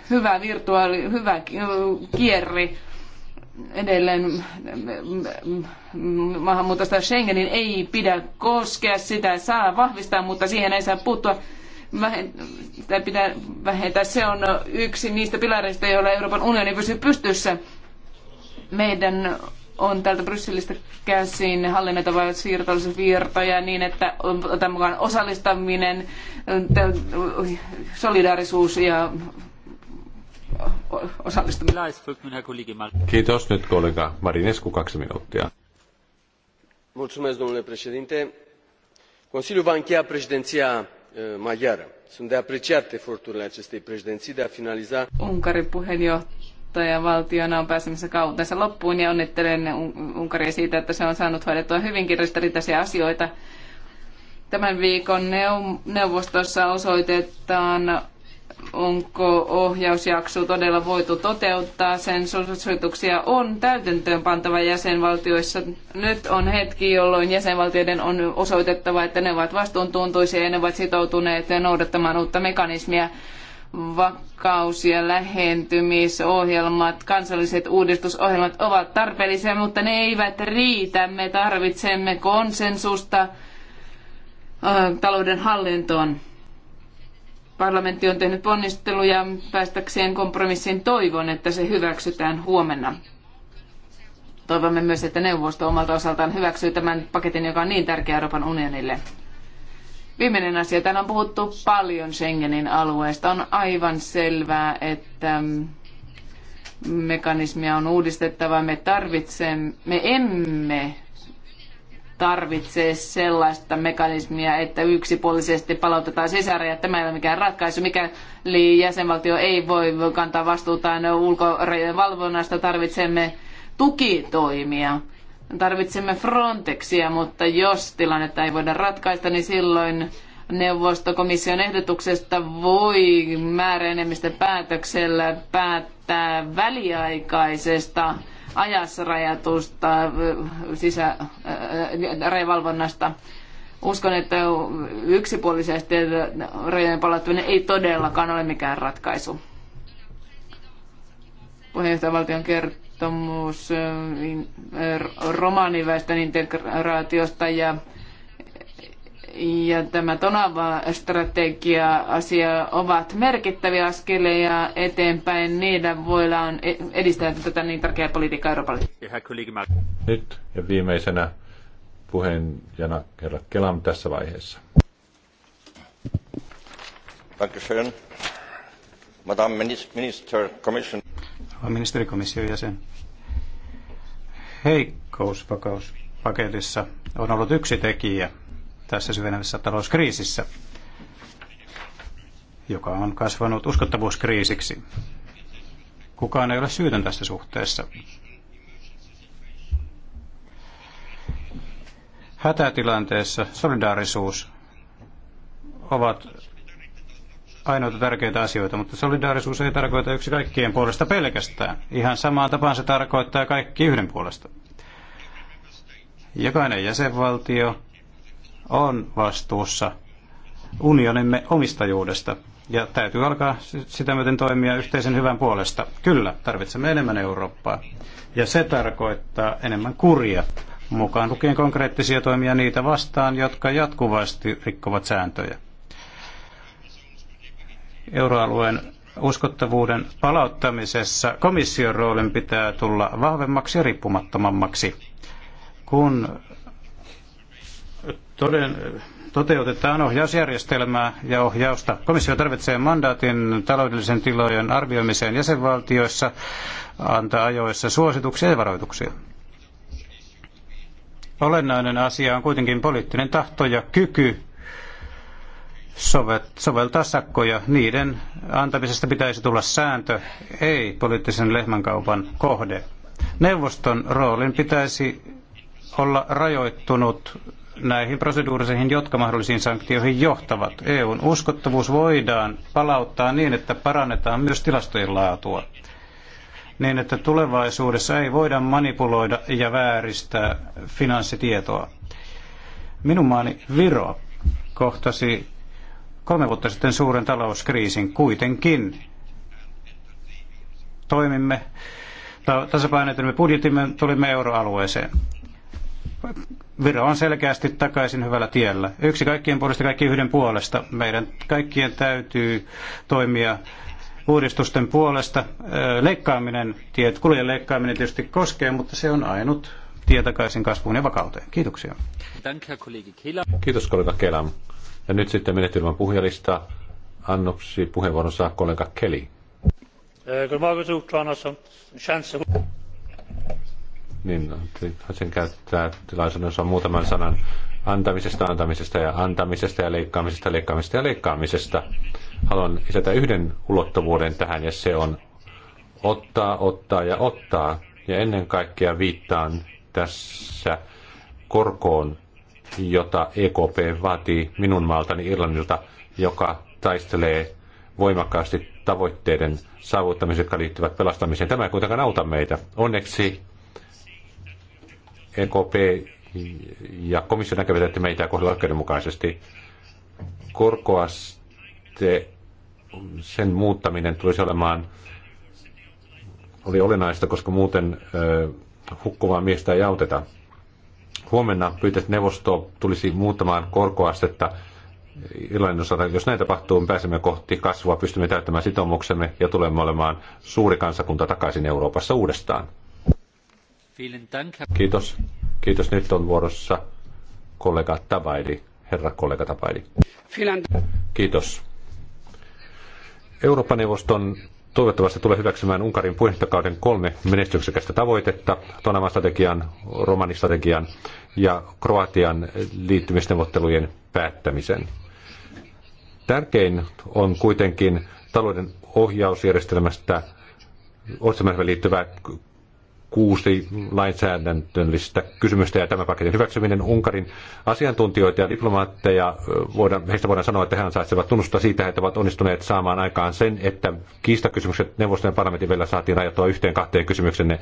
hyvä virtuaali, hyvä kierri edelleen maahanmuutosta Schengenin ei pidä koskea, sitä saa vahvistaa, mutta siihen ei saa puuttua. Sitä pitää vähentää. Se on yksi niistä pilareista, joilla Euroopan unioni pysyy pystyssä. Meidän on täältä Brysselistä käsin hallinnetava siirtolaisuusvirtoja niin, että tämän mukaan osallistaminen, solidaarisuus ja osallistuminen. Kiitos. Nyt kollega Marinescu, kaksi minuuttia. Mulțumesc, domnule președinte. Consiliul va încheia președinția eh, maghiară. Sunt de apreciat eforturile acestei președinții de a finaliza... Unkarin puheenjohtajavaltiona on pääsemässä kautensa loppuun ja onnittelen Unkaria siitä, että se on saanut hoidettua hyvinkin ristiriitaisia asioita. Tämän viikon neuvostossa osoitetaan onko ohjausjakso todella voitu toteuttaa. Sen suosituksia on täytäntöön pantava jäsenvaltioissa. Nyt on hetki, jolloin jäsenvaltioiden on osoitettava, että ne ovat vastuuntuntoisia ja ne ovat sitoutuneet noudattamaan uutta mekanismia vakaus- ja lähentymisohjelmat, kansalliset uudistusohjelmat ovat tarpeellisia, mutta ne eivät riitä. Me tarvitsemme konsensusta talouden hallintoon. Parlamentti on tehnyt ponnisteluja päästäkseen kompromissiin toivon, että se hyväksytään huomenna. Toivomme myös, että neuvosto omalta osaltaan hyväksyy tämän paketin, joka on niin tärkeä Euroopan unionille. Viimeinen asia. Täällä on puhuttu paljon Schengenin alueesta. On aivan selvää, että mm, mekanismia on uudistettava. Me tarvitsemme, me emme tarvitse sellaista mekanismia, että yksipuolisesti palautetaan sisärajat. Tämä ei ole mikään ratkaisu, mikäli jäsenvaltio ei voi kantaa vastuutaan ulkorajojen valvonnasta. Tarvitsemme tukitoimia. Tarvitsemme Frontexia, mutta jos tilannetta ei voida ratkaista, niin silloin neuvostokomission ehdotuksesta voi määräenemmistön päätöksellä päättää väliaikaisesta ajassa rajatusta rajavalvonnasta. Uskon, että yksipuolisesti rajojen palauttaminen ei todellakaan ole mikään ratkaisu. Puheenjohtajavaltion kertomus romaniväestön integraatiosta ja ja tämä Tonava-strategia-asia ovat merkittäviä askeleja eteenpäin. Niillä voidaan e- edistää tätä niin tärkeää politiikkaa Euroopalle. Nyt ja viimeisenä puheenjana herra Kelam tässä vaiheessa. Dankeschön. Madame Minister, Commission. Ministerikomission jäsen. Heikkous vakauspaketissa on ollut yksi tekijä, tässä syvenevässä talouskriisissä, joka on kasvanut uskottavuuskriisiksi. Kukaan ei ole syytön tässä suhteessa. Hätätilanteessa solidaarisuus ovat ainoita tärkeitä asioita, mutta solidaarisuus ei tarkoita yksi kaikkien puolesta pelkästään. Ihan samaan tapaan se tarkoittaa kaikki yhden puolesta. Jokainen jäsenvaltio on vastuussa unionimme omistajuudesta. Ja täytyy alkaa sitä myöten toimia yhteisen hyvän puolesta. Kyllä, tarvitsemme enemmän Eurooppaa. Ja se tarkoittaa enemmän kuria, mukaan lukien konkreettisia toimia niitä vastaan, jotka jatkuvasti rikkovat sääntöjä. Euroalueen uskottavuuden palauttamisessa komission roolin pitää tulla vahvemmaksi ja riippumattomammaksi. Kun toden, toteutetaan ohjausjärjestelmää ja ohjausta. Komissio tarvitsee mandaatin taloudellisen tilojen arvioimiseen jäsenvaltioissa, antaa ajoissa suosituksia ja varoituksia. Olennainen asia on kuitenkin poliittinen tahto ja kyky soveltaa sakkoja. Niiden antamisesta pitäisi tulla sääntö, ei poliittisen lehmänkaupan kohde. Neuvoston roolin pitäisi olla rajoittunut näihin proseduurisiin, jotka mahdollisiin sanktioihin johtavat. EUn uskottavuus voidaan palauttaa niin, että parannetaan myös tilastojen laatua niin että tulevaisuudessa ei voida manipuloida ja vääristää finanssitietoa. Minun maani Viro kohtasi kolme vuotta sitten suuren talouskriisin kuitenkin. Toimimme, tasapainotimme budjetimme, tulimme euroalueeseen. Viro on selkeästi takaisin hyvällä tiellä. Yksi kaikkien puolesta, kaikki yhden puolesta. Meidän kaikkien täytyy toimia uudistusten puolesta. Leikkaaminen, tiet, kulujen leikkaaminen tietysti koskee, mutta se on ainut tie takaisin kasvuun ja vakauteen. Kiitoksia. Kiitos kollega Kelam. Ja nyt sitten menetelmän puhujalista. Annoksi puheenvuoron saa kollega Kelly. Äh, niin no, sen käyttää tilaisuudessa on muutaman sanan antamisesta, antamisesta ja antamisesta ja leikkaamisesta, leikkaamisesta ja leikkaamisesta. Haluan lisätä yhden ulottuvuuden tähän ja se on ottaa, ottaa ja ottaa. Ja ennen kaikkea viittaan tässä korkoon, jota EKP vaatii minun maaltani Irlannilta, joka taistelee voimakkaasti tavoitteiden saavuttamiseen, jotka liittyvät pelastamiseen. Tämä ei kuitenkaan auta meitä. Onneksi EKP ja komissio näkevät, että meitä ei kohdella oikeudenmukaisesti. Korkoaste, sen muuttaminen tulisi olemaan, oli olennaista, koska muuten ö, hukkuvaa miestä ei auteta. Huomenna pyytäisi neuvosto tulisi muuttamaan korkoastetta Irlannin osalta. Jos näin tapahtuu, me pääsemme kohti kasvua, pystymme täyttämään sitoumuksemme ja tulemme olemaan suuri kansakunta takaisin Euroopassa uudestaan. Kiitos. Kiitos. Nyt on vuorossa kollega Tavaidi, herra kollega Tavaidi. Kiitos. Euroopan neuvoston toivottavasti tulee hyväksymään Unkarin puheenjohtajakauden kolme menestyksekästä tavoitetta, Tonavan strategian, Romani-strategian ja Kroatian liittymisneuvottelujen päättämisen. Tärkein on kuitenkin talouden ohjausjärjestelmästä ohjelmaan liittyvä kuusi lainsäädännöllistä kysymystä ja tämä paketin hyväksyminen Unkarin asiantuntijoita ja diplomaatteja, voidaan, heistä voidaan sanoa, että he ansaitsevat tunnusta siitä, että ovat onnistuneet saamaan aikaan sen, että kiistakysymykset neuvoston ja parlamentin välillä saatiin rajattua yhteen kahteen kysymykseen.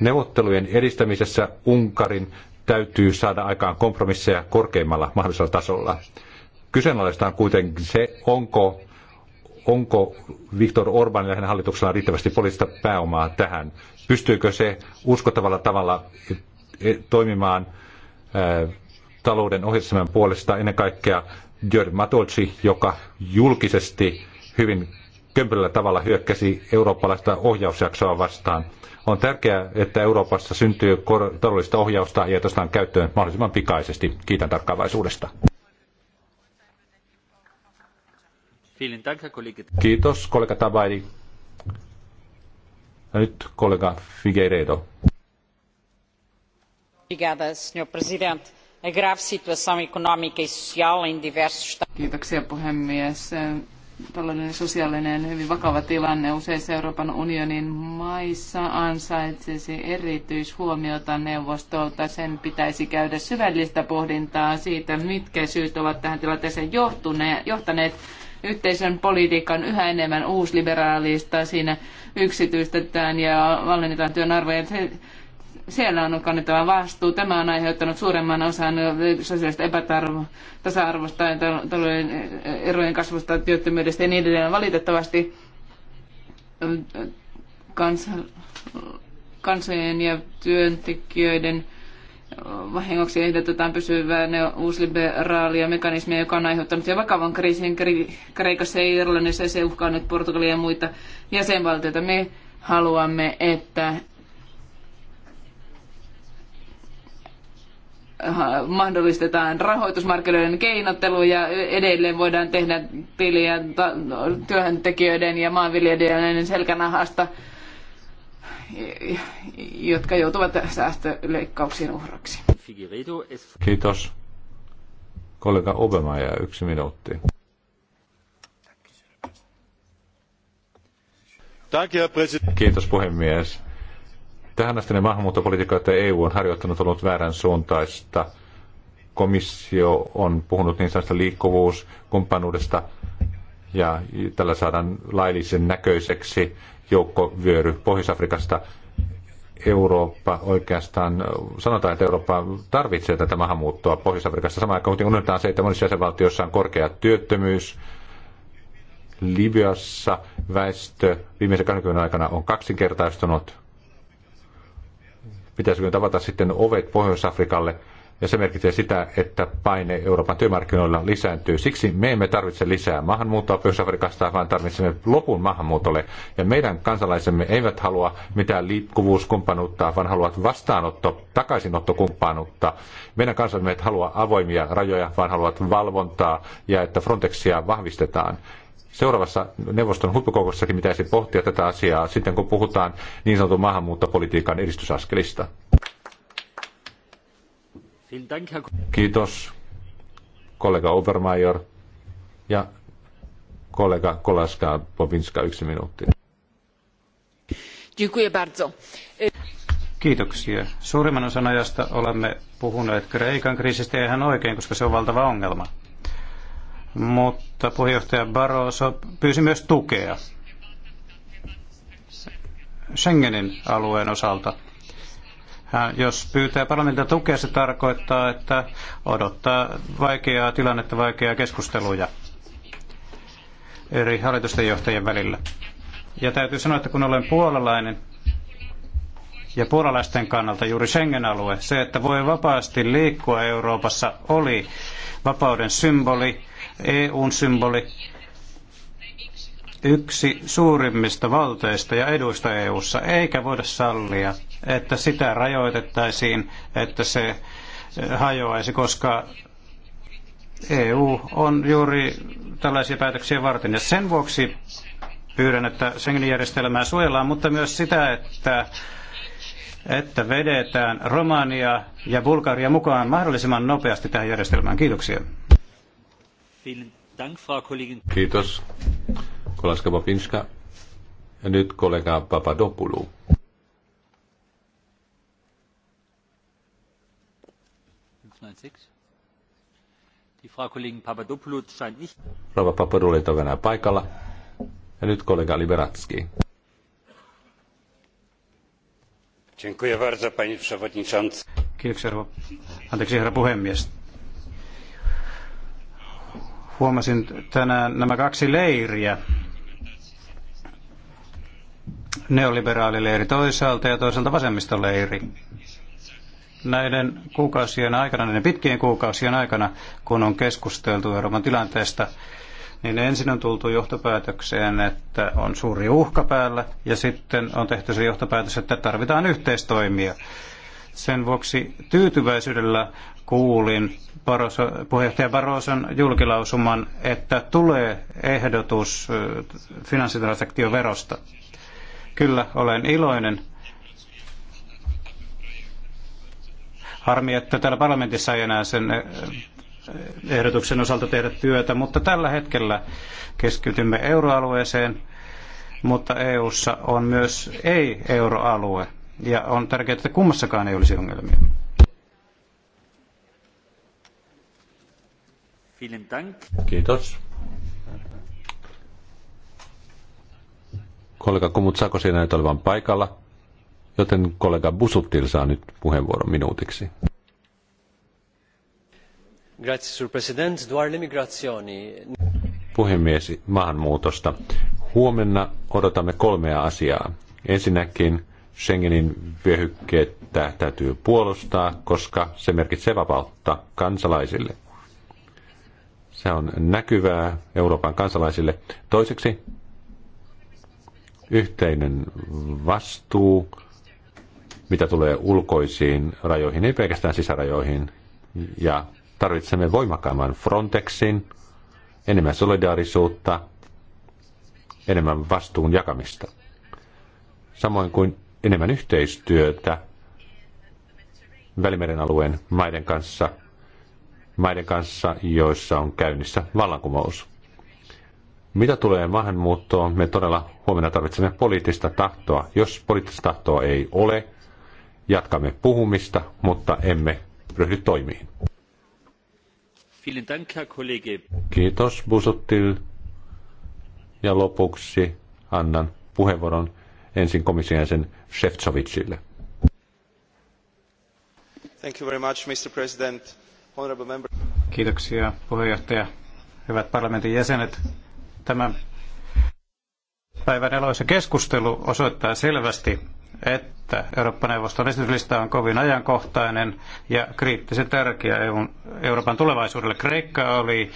Neuvottelujen edistämisessä Unkarin täytyy saada aikaan kompromisseja korkeimmalla mahdollisella tasolla. Kyseenalaista on kuitenkin se, onko onko Viktor Orbanin ja hänen hallituksellaan riittävästi poliittista pääomaa tähän. Pystyykö se uskottavalla tavalla eh, eh, toimimaan eh, talouden ohjelman puolesta ennen kaikkea Jörg Matolci, joka julkisesti hyvin kömpelöllä tavalla hyökkäsi eurooppalaista ohjausjaksoa vastaan. On tärkeää, että Euroopassa syntyy taloudellista ohjausta ja otetaan käyttöön mahdollisimman pikaisesti. Kiitän tarkkaavaisuudesta. Kiitos, kollega Tabaidi. Ja nyt kollega Figueiredo. Obrigada, senhor presidente. A grave situação e social em diversos... Kiitoksia puhemies. Tällainen sosiaalinen hyvin vakava tilanne useissa Euroopan unionin maissa ansaitsisi erityishuomiota neuvostolta. Sen pitäisi käydä syvällistä pohdintaa siitä, mitkä syyt ovat tähän tilanteeseen johtuneet, johtaneet yhteisön politiikan yhä enemmän uusliberaalista siinä yksityistetään ja valmennetaan työn arvoja. Siellä on kannettava vastuu. Tämä on aiheuttanut suuremman osan sosiaalista epätasa-arvosta, talouden erojen kasvusta, työttömyydestä ja niin edelleen. Valitettavasti kans, kansojen ja työntekijöiden vahingoksi ehdotetaan pysyvää uusliberaalia mekanismia, joka on aiheuttanut jo vakavan kriisin Kreikassa ja Irlannissa ja se uhkaa nyt Portugalia ja muita jäsenvaltioita. Me haluamme, että mahdollistetaan rahoitusmarkkinoiden keinottelu ja edelleen voidaan tehdä tiliä työntekijöiden ja maanviljelijöiden selkänahasta – jotka joutuvat säästöleikkauksien uhraksi. Kiitos. Kollega Obama ja yksi minuutti. Kiitos puhemies. Tähän asti ne maahanmuuttopolitiikka, että EU on harjoittanut, ollut väärän suuntaista. Komissio on puhunut niin sanotusta liikkuvuuskumppanuudesta ja tällä saadaan laillisen näköiseksi joukkovyöry Pohjois-Afrikasta. Eurooppa oikeastaan, sanotaan, että Eurooppa tarvitsee tätä maahanmuuttoa Pohjois-Afrikasta samaan aikaan, kuitenkin unohdetaan se, että monissa jäsenvaltioissa on korkea työttömyys, Libyassa väestö viimeisen 20 aikana on kaksinkertaistunut. Pitäisikö tavata sitten ovet Pohjois-Afrikalle ja se merkitsee sitä, että paine Euroopan työmarkkinoilla lisääntyy. Siksi me emme tarvitse lisää maahanmuuttoa Pohjois-Afrikasta, vaan tarvitsemme lopun maahanmuutolle. Ja meidän kansalaisemme eivät halua mitään liikkuvuuskumppanuutta, vaan haluavat vastaanotto, takaisinottokumppanuutta. Meidän kansalaisemme eivät halua avoimia rajoja, vaan haluavat valvontaa ja että Frontexia vahvistetaan seuraavassa neuvoston huippukokouksessakin pitäisi pohtia tätä asiaa sitten, kun puhutaan niin sanotun maahanmuuttopolitiikan edistysaskelista. Kiitos kollega Obermeier ja kollega Kolaska Povinska yksi minuutti. Kiitoksia. Suurimman osan ajasta olemme puhuneet Kreikan kriisistä ja ihan oikein, koska se on valtava ongelma. Mutta puheenjohtaja Barroso pyysi myös tukea Schengenin alueen osalta jos pyytää parlamentilta tukea, se tarkoittaa, että odottaa vaikeaa tilannetta, vaikeaa keskusteluja eri hallitusten johtajien välillä. Ja täytyy sanoa, että kun olen puolalainen ja puolalaisten kannalta juuri Schengen-alue, se, että voi vapaasti liikkua Euroopassa, oli vapauden symboli, EUn symboli, yksi suurimmista valteista ja eduista EUssa, eikä voida sallia että sitä rajoitettaisiin, että se eh, hajoaisi, koska EU on juuri tällaisia päätöksiä varten. Ja sen vuoksi pyydän, että Schengenin järjestelmää suojellaan, mutta myös sitä, että, että vedetään Romania ja Bulgaria mukaan mahdollisimman nopeasti tähän järjestelmään. Kiitoksia. Kiitos. Kollega Papinska. Ja nyt kollega Papadopoulou. 196. Die on enää paikalla. Ja nyt kollega Liberatski. Dziękuję bardzo, pani przewodniczący. Kiitoksia, herra, anteeksi, herra puhemies. Huomasin tänään nämä kaksi leiriä, neoliberaalileiri toisaalta ja toisaalta vasemmistoleiri näiden kuukausien aikana, näiden pitkien kuukausien aikana, kun on keskusteltu Euroopan tilanteesta, niin ensin on tultu johtopäätökseen, että on suuri uhka päällä, ja sitten on tehty se johtopäätös, että tarvitaan yhteistoimia. Sen vuoksi tyytyväisyydellä kuulin Baroso, puheenjohtaja Barroson julkilausuman, että tulee ehdotus finanssitransaktioverosta. Kyllä, olen iloinen Harmi, että täällä parlamentissa ei enää sen eh, ehdotuksen osalta tehdä työtä, mutta tällä hetkellä keskitymme euroalueeseen, mutta EU:ssa on myös ei-euroalue ja on tärkeää, että kummassakaan ei olisi ongelmia. Kiitos. Kollega Kumut Sako siinä paikalla. Joten kollega Busuttil saa nyt puheenvuoron minuutiksi. Puhemies maahanmuutosta. Huomenna odotamme kolmea asiaa. Ensinnäkin Schengenin vyöhykkeettä täytyy puolustaa, koska se merkitsee vapautta kansalaisille. Se on näkyvää Euroopan kansalaisille. Toiseksi yhteinen vastuu mitä tulee ulkoisiin rajoihin, ei pelkästään sisärajoihin. Ja tarvitsemme voimakkaamman Frontexin, enemmän solidaarisuutta, enemmän vastuun jakamista. Samoin kuin enemmän yhteistyötä Välimeren alueen maiden kanssa, maiden kanssa, joissa on käynnissä vallankumous. Mitä tulee maahanmuuttoon, me todella huomenna tarvitsemme poliittista tahtoa. Jos poliittista tahtoa ei ole, Jatkamme puhumista, mutta emme ryhdy toimiin. Kiitos Busuttil. Ja lopuksi annan puheenvuoron ensin komission jäsen Shevtsovicille. Thank you very much, Mr. President. Honorable member. Kiitoksia puheenjohtaja. Hyvät parlamentin jäsenet. Tämä päivän eloisa keskustelu osoittaa selvästi, että Eurooppa-neuvoston esityslista on kovin ajankohtainen ja kriittisen tärkeä Euroopan tulevaisuudelle. Kreikka oli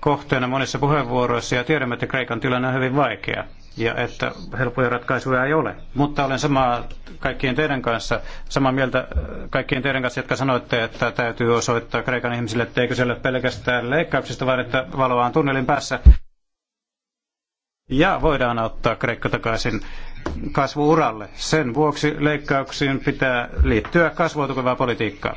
kohteena monissa puheenvuoroissa ja tiedämme, että Kreikan tilanne on hyvin vaikea ja että helpoja ratkaisuja ei ole. Mutta olen samaa kaikkien teidän kanssa, samaa mieltä äh, kaikkien teidän kanssa, jotka sanoitte, että täytyy osoittaa Kreikan ihmisille, että eikö ole pelkästään leikkauksista, vaan että valoa on tunnelin päässä ja voidaan auttaa Kreikka takaisin kasvuuralle. Sen vuoksi leikkauksiin pitää liittyä kasvua tukevaa politiikkaa.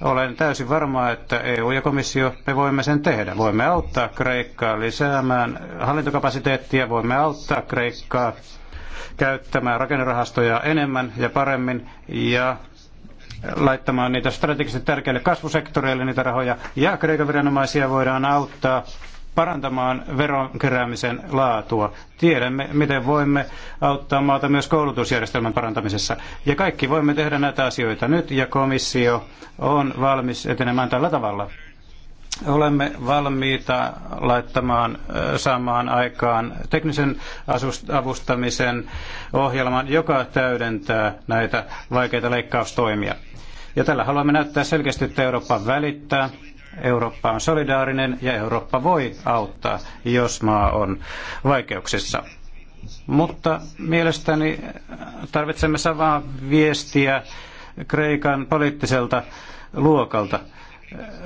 Olen täysin varma, että EU ja komissio, me voimme sen tehdä. Voimme auttaa Kreikkaa lisäämään hallintokapasiteettia, voimme auttaa Kreikkaa käyttämään rakennerahastoja enemmän ja paremmin ja laittamaan niitä strategisesti tärkeille kasvusektoreille niitä rahoja. Ja Kreikan viranomaisia voidaan auttaa parantamaan veronkeräämisen laatua. Tiedämme, miten voimme auttaa maata myös koulutusjärjestelmän parantamisessa. Ja kaikki voimme tehdä näitä asioita nyt, ja komissio on valmis etenemään tällä tavalla. Olemme valmiita laittamaan samaan aikaan teknisen avustamisen ohjelman, joka täydentää näitä vaikeita leikkaustoimia. Ja tällä haluamme näyttää selkeästi, että Eurooppa välittää Eurooppa on solidaarinen ja Eurooppa voi auttaa, jos maa on vaikeuksissa. Mutta mielestäni tarvitsemme samaa viestiä Kreikan poliittiselta luokalta.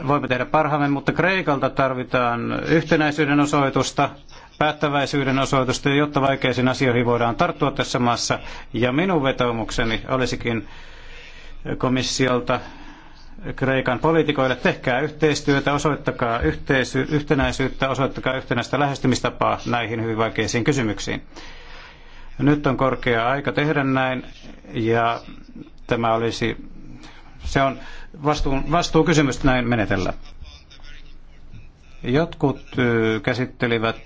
Voimme tehdä parhaamme, mutta Kreikalta tarvitaan yhtenäisyyden osoitusta, päättäväisyyden osoitusta, jotta vaikeisiin asioihin voidaan tarttua tässä maassa. Ja minun vetoomukseni olisikin komissiolta Kreikan poliitikoille, tehkää yhteistyötä, osoittakaa yhteisy- yhtenäisyyttä, osoittakaa yhtenäistä lähestymistapaa näihin hyvin vaikeisiin kysymyksiin. Nyt on korkea aika tehdä näin ja tämä olisi, se on vastuun, vastuukysymys näin menetellä. Jotkut käsittelivät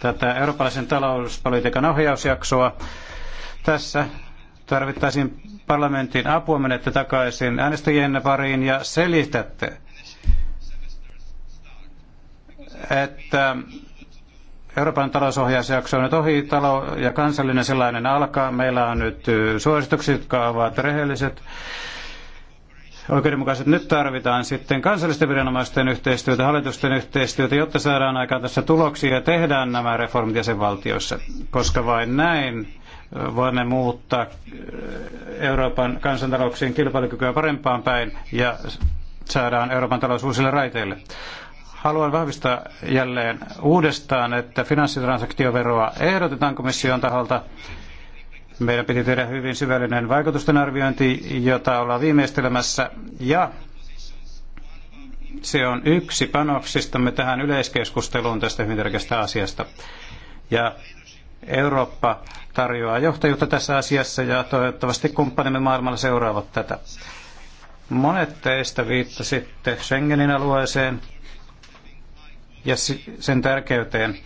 tätä eurooppalaisen talouspolitiikan ohjausjaksoa. Tässä tarvittaisiin parlamentin apua, menette takaisin äänestäjien pariin ja selitätte, että Euroopan talousohjausjakso on nyt ohi, talo ja kansallinen sellainen alkaa. Meillä on nyt suositukset, jotka ovat rehelliset oikeudenmukaiset. Nyt tarvitaan sitten kansallisten viranomaisten yhteistyötä, hallitusten yhteistyötä, jotta saadaan aikaan tässä tuloksia ja tehdään nämä reformit jäsenvaltioissa, koska vain näin voimme muuttaa äh, Euroopan kansantalouksien kilpailukykyä parempaan päin ja saadaan Euroopan talous uusille raiteille. Haluan vahvistaa jälleen uudestaan, että finanssitransaktioveroa ehdotetaan komission taholta. Meidän piti tehdä hyvin syvällinen vaikutusten arviointi, jota ollaan viimeistelemässä, ja se on yksi panoksistamme tähän yleiskeskusteluun tästä hyvin tärkeästä asiasta. Ja Eurooppa tarjoaa johtajuutta tässä asiassa ja toivottavasti kumppanimme maailmalla seuraavat tätä. Monet teistä viittasitte Schengenin alueeseen ja sen tärkeyteen,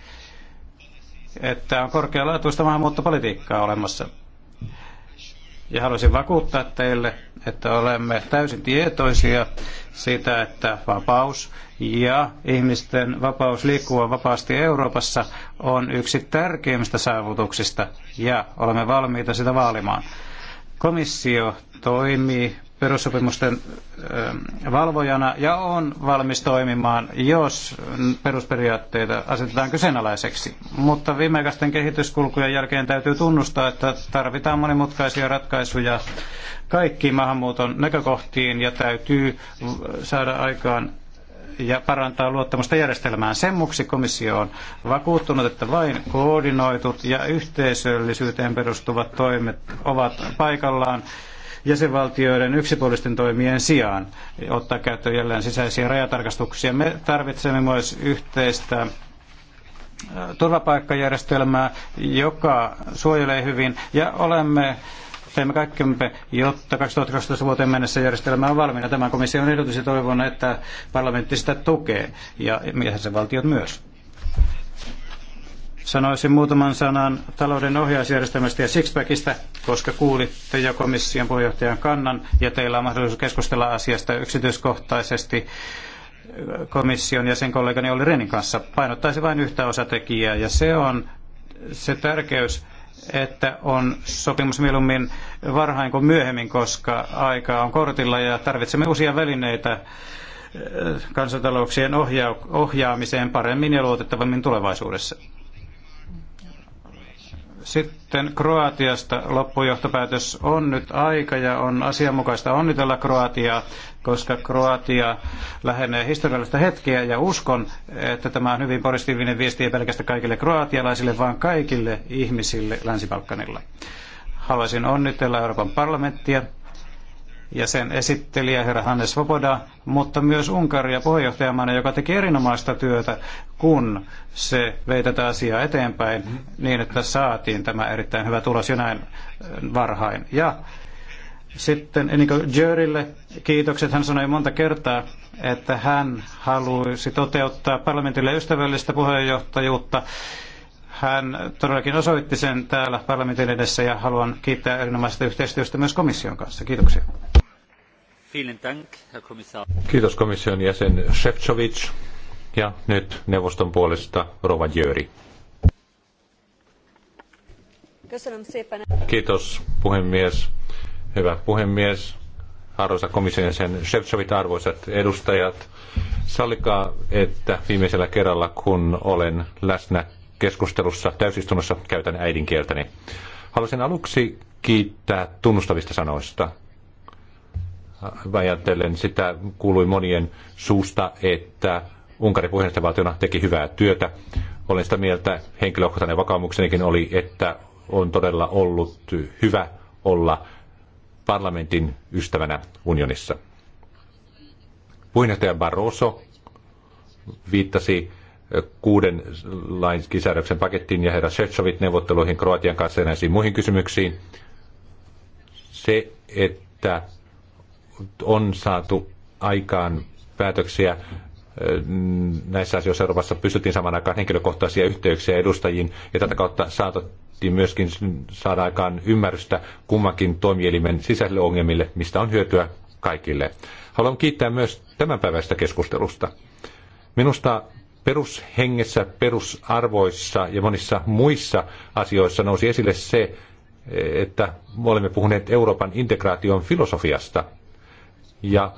että on korkealaatuista maahanmuuttopolitiikkaa olemassa. Ja haluaisin vakuuttaa teille, että olemme täysin tietoisia siitä, että vapaus ja ihmisten vapaus liikkua vapaasti Euroopassa on yksi tärkeimmistä saavutuksista ja olemme valmiita sitä vaalimaan. Komissio toimii perussopimusten ähm, valvojana ja on valmis toimimaan, jos perusperiaatteita asetetaan kyseenalaiseksi. Mutta viimeaikaisten kehityskulkujen jälkeen täytyy tunnustaa, että tarvitaan monimutkaisia ratkaisuja kaikkiin maahanmuuton näkökohtiin ja täytyy saada aikaan ja parantaa luottamusta järjestelmään. Sen vuoksi komissio on vakuuttunut, että vain koordinoitut ja yhteisöllisyyteen perustuvat toimet ovat paikallaan jäsenvaltioiden yksipuolisten toimien sijaan ottaa käyttöön jälleen sisäisiä rajatarkastuksia. Me tarvitsemme myös yhteistä äh, turvapaikkajärjestelmää, joka suojelee hyvin ja olemme Teemme kaikkemme, jotta 2012 vuoteen mennessä järjestelmä on valmiina. Tämä komission ehdotus ja toivon, että parlamentti sitä tukee ja jäsenvaltiot myös. Sanoisin muutaman sanan talouden ohjausjärjestelmästä ja Sixpackista, koska kuulitte jo komission puheenjohtajan kannan ja teillä on mahdollisuus keskustella asiasta yksityiskohtaisesti komission ja sen kollegani Olli Renin kanssa. Painottaisi vain yhtä osatekijää ja se on se tärkeys, että on sopimus mieluummin varhain kuin myöhemmin, koska aika on kortilla ja tarvitsemme uusia välineitä eh, kansantalouksien ohjaamiseen paremmin ja luotettavammin tulevaisuudessa. Sitten Kroatiasta loppujohtopäätös on nyt aika ja on asianmukaista onnitella Kroatiaa, koska Kroatia lähenee historiallista hetkeä ja uskon, että tämä on hyvin positiivinen viesti ei pelkästään kaikille kroatialaisille, vaan kaikille ihmisille Länsi-Balkanilla. Haluaisin onnitella Euroopan parlamenttia ja sen esittelijä herra Hannes Svoboda, mutta myös Unkaria puheenjohtajamaana, joka teki erinomaista työtä, kun se vei tätä asiaa eteenpäin niin, että saatiin tämä erittäin hyvä tulos jo näin äh, varhain. Ja sitten Eniko Jörille kiitokset. Hän sanoi monta kertaa, että hän haluaisi toteuttaa parlamentille ystävällistä puheenjohtajuutta. Hän todellakin osoitti sen täällä parlamentin edessä ja haluan kiittää erinomaisesta yhteistyöstä myös komission kanssa. Kiitoksia. Kiitos komission jäsen Shevchovic. Ja nyt neuvoston puolesta Rova Jöri. Kiitos puhemies. Hyvä puhemies. Arvoisa komission jäsen Shevchovit, arvoisat edustajat. Sallikaa, että viimeisellä kerralla, kun olen läsnä keskustelussa täysistunnossa, käytän äidinkieltäni. Haluaisin aluksi kiittää tunnustavista sanoista ajatellen sitä kuului monien suusta, että Unkari puheenjohtajavaltiona teki hyvää työtä. Olen sitä mieltä, henkilökohtainen vakaumuksenikin oli, että on todella ollut hyvä olla parlamentin ystävänä unionissa. Puheenjohtaja Barroso viittasi kuuden lainsäädöksen pakettiin ja herra Shevchovit neuvotteluihin Kroatian kanssa ja näisiin muihin kysymyksiin. Se, että on saatu aikaan päätöksiä näissä asioissa Euroopassa pystyttiin saman aikaan henkilökohtaisia yhteyksiä edustajiin, ja tätä kautta saatettiin myöskin saada aikaan ymmärrystä kummankin toimielimen sisäisille ongelmille, mistä on hyötyä kaikille. Haluan kiittää myös tämänpäiväistä keskustelusta. Minusta perushengessä, perusarvoissa ja monissa muissa asioissa nousi esille se, että me olemme puhuneet Euroopan integraation filosofiasta – ja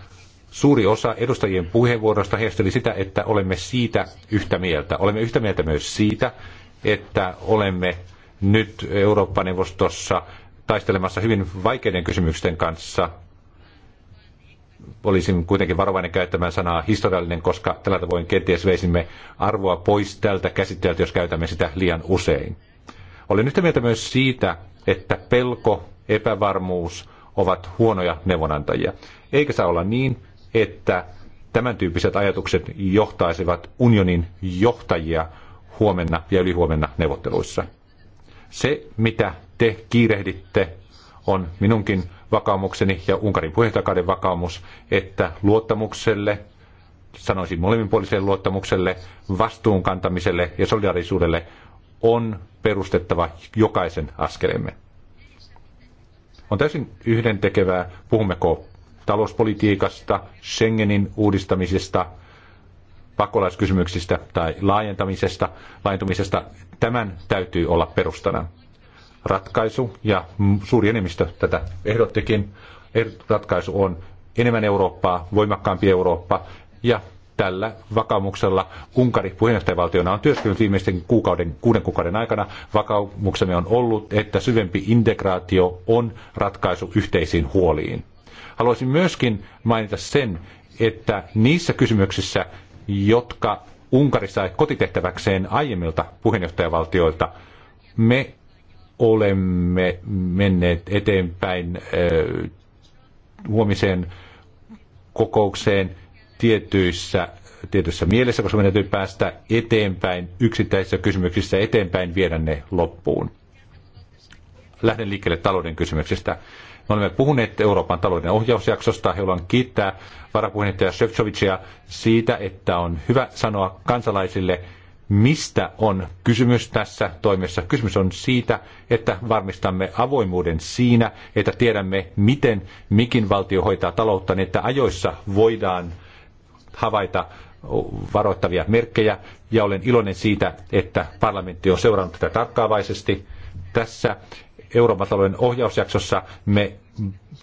suuri osa edustajien puheenvuoroista heijasteli sitä, että olemme siitä yhtä mieltä. Olemme yhtä mieltä myös siitä, että olemme nyt Eurooppa-neuvostossa taistelemassa hyvin vaikeiden kysymysten kanssa. Olisin kuitenkin varovainen käyttämään sanaa historiallinen, koska tällä tavoin kenties veisimme arvoa pois tältä käsitteeltä, jos käytämme sitä liian usein. Olen yhtä mieltä myös siitä, että pelko, epävarmuus ovat huonoja neuvonantajia. Eikä saa olla niin, että tämän tyyppiset ajatukset johtaisivat unionin johtajia huomenna ja ylihuomenna neuvotteluissa. Se, mitä te kiirehditte, on minunkin vakaumukseni ja Unkarin puheenjohtajakauden vakaumus, että luottamukselle, sanoisin molemminpuoliselle luottamukselle, vastuunkantamiselle ja solidarisuudelle on perustettava jokaisen askelemme. On täysin yhdentekevää, puhummeko talouspolitiikasta, Schengenin uudistamisesta, pakolaiskysymyksistä tai laajentamisesta, laajentumisesta. Tämän täytyy olla perustana. Ratkaisu, ja suuri enemmistö tätä ehdottikin, er, ratkaisu on enemmän Eurooppaa, voimakkaampi Eurooppa, ja tällä vakaumuksella Unkari puheenjohtajavaltiona on työskennellyt viimeisten kuukauden, kuuden kuukauden aikana. Vakaumuksemme on ollut, että syvempi integraatio on ratkaisu yhteisiin huoliin. Haluaisin myöskin mainita sen, että niissä kysymyksissä, jotka Unkari sai kotitehtäväkseen aiemmilta puheenjohtajavaltioilta, me olemme menneet eteenpäin huomiseen kokoukseen tietyissä, tietyissä mielessä, koska meidän täytyy päästä eteenpäin yksittäisissä kysymyksissä, eteenpäin viedä ne loppuun. Lähden liikkeelle talouden kysymyksistä. Me olemme puhuneet Euroopan talouden ohjausjaksosta, haluan kiittää varapuheenjohtaja Shevchovicia siitä, että on hyvä sanoa kansalaisille, mistä on kysymys tässä toimessa. Kysymys on siitä, että varmistamme avoimuuden siinä, että tiedämme, miten mikin valtio hoitaa taloutta, niin että ajoissa voidaan havaita varoittavia merkkejä, ja olen iloinen siitä, että parlamentti on seurannut tätä tarkkaavaisesti. Tässä Euroopan talouden ohjausjaksossa me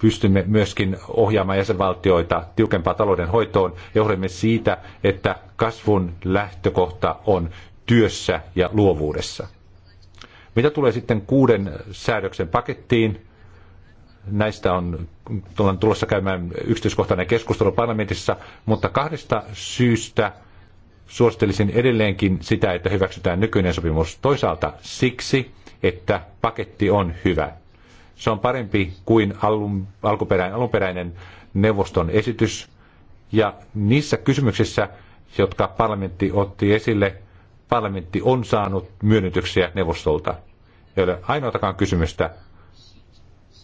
pystymme myöskin ohjaamaan jäsenvaltioita tiukempaan talouden hoitoon ja olemme siitä, että kasvun lähtökohta on työssä ja luovuudessa. Mitä tulee sitten kuuden säädöksen pakettiin, näistä on, on tulossa käymään yksityiskohtainen keskustelu parlamentissa, mutta kahdesta syystä suosittelisin edelleenkin sitä, että hyväksytään nykyinen sopimus. Toisaalta siksi, että paketti on hyvä. Se on parempi kuin alun, alkuperäinen, alunperäinen neuvoston esitys. Ja niissä kysymyksissä, jotka parlamentti otti esille, parlamentti on saanut myönnytyksiä neuvostolta. Ei ole ainoatakaan kysymystä.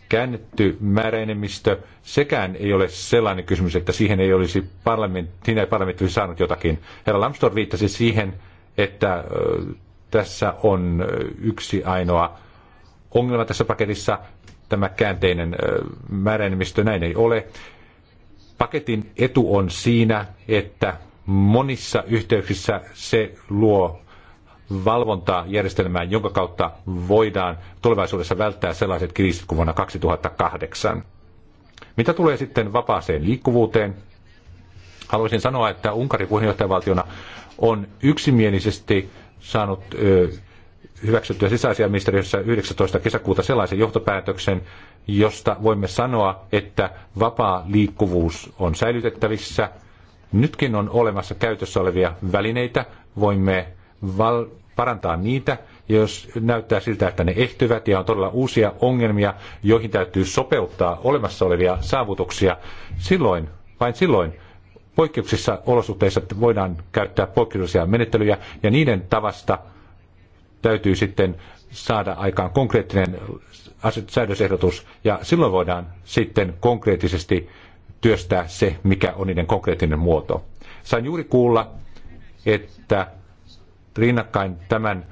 Käännetty määräenemmistö, sekään ei ole sellainen kysymys, että siihen ei olisi parlamentti, siinä ei parlamentti olisi saanut jotakin. Herra Lamstor viittasi siihen, että tässä on yksi ainoa ongelma tässä paketissa, tämä käänteinen määräenemmistö, näin ei ole. Paketin etu on siinä, että monissa yhteyksissä se luo valvontajärjestelmää, jonka kautta voidaan tulevaisuudessa välttää sellaiset kriisit kuin vuonna 2008. Mitä tulee sitten vapaaseen liikkuvuuteen? Haluaisin sanoa, että Unkarin puheenjohtajavaltiona on yksimielisesti saanut hyväksyttyä sisäasiaministeriössä 19. kesäkuuta sellaisen johtopäätöksen, josta voimme sanoa, että vapaa liikkuvuus on säilytettävissä. Nytkin on olemassa käytössä olevia välineitä, voimme parantaa niitä, jos näyttää siltä, että ne ehtyvät ja on todella uusia ongelmia, joihin täytyy sopeuttaa olemassa olevia saavutuksia. Silloin, vain silloin poikkeuksissa olosuhteissa voidaan käyttää poikkeuksellisia menettelyjä ja niiden tavasta täytyy sitten saada aikaan konkreettinen säädösehdotus ja silloin voidaan sitten konkreettisesti työstää se, mikä on niiden konkreettinen muoto. Sain juuri kuulla, että rinnakkain tämän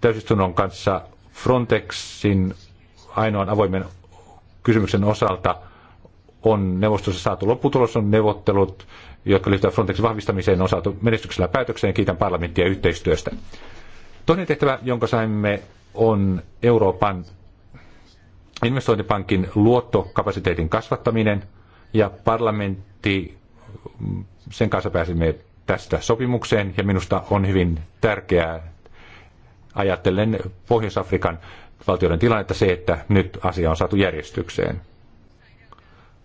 täysistunnon kanssa Frontexin ainoan avoimen kysymyksen osalta on neuvostossa saatu lopputulos, on neuvottelut, jotka liittyvät Frontexin vahvistamiseen, on saatu menestyksellä päätökseen. Kiitän parlamenttia yhteistyöstä. Toinen tehtävä, jonka saimme, on Euroopan investointipankin luottokapasiteetin kasvattaminen ja parlamentti, sen kanssa pääsimme tästä sopimukseen ja minusta on hyvin tärkeää ajatellen Pohjois-Afrikan valtioiden tilannetta se, että nyt asia on saatu järjestykseen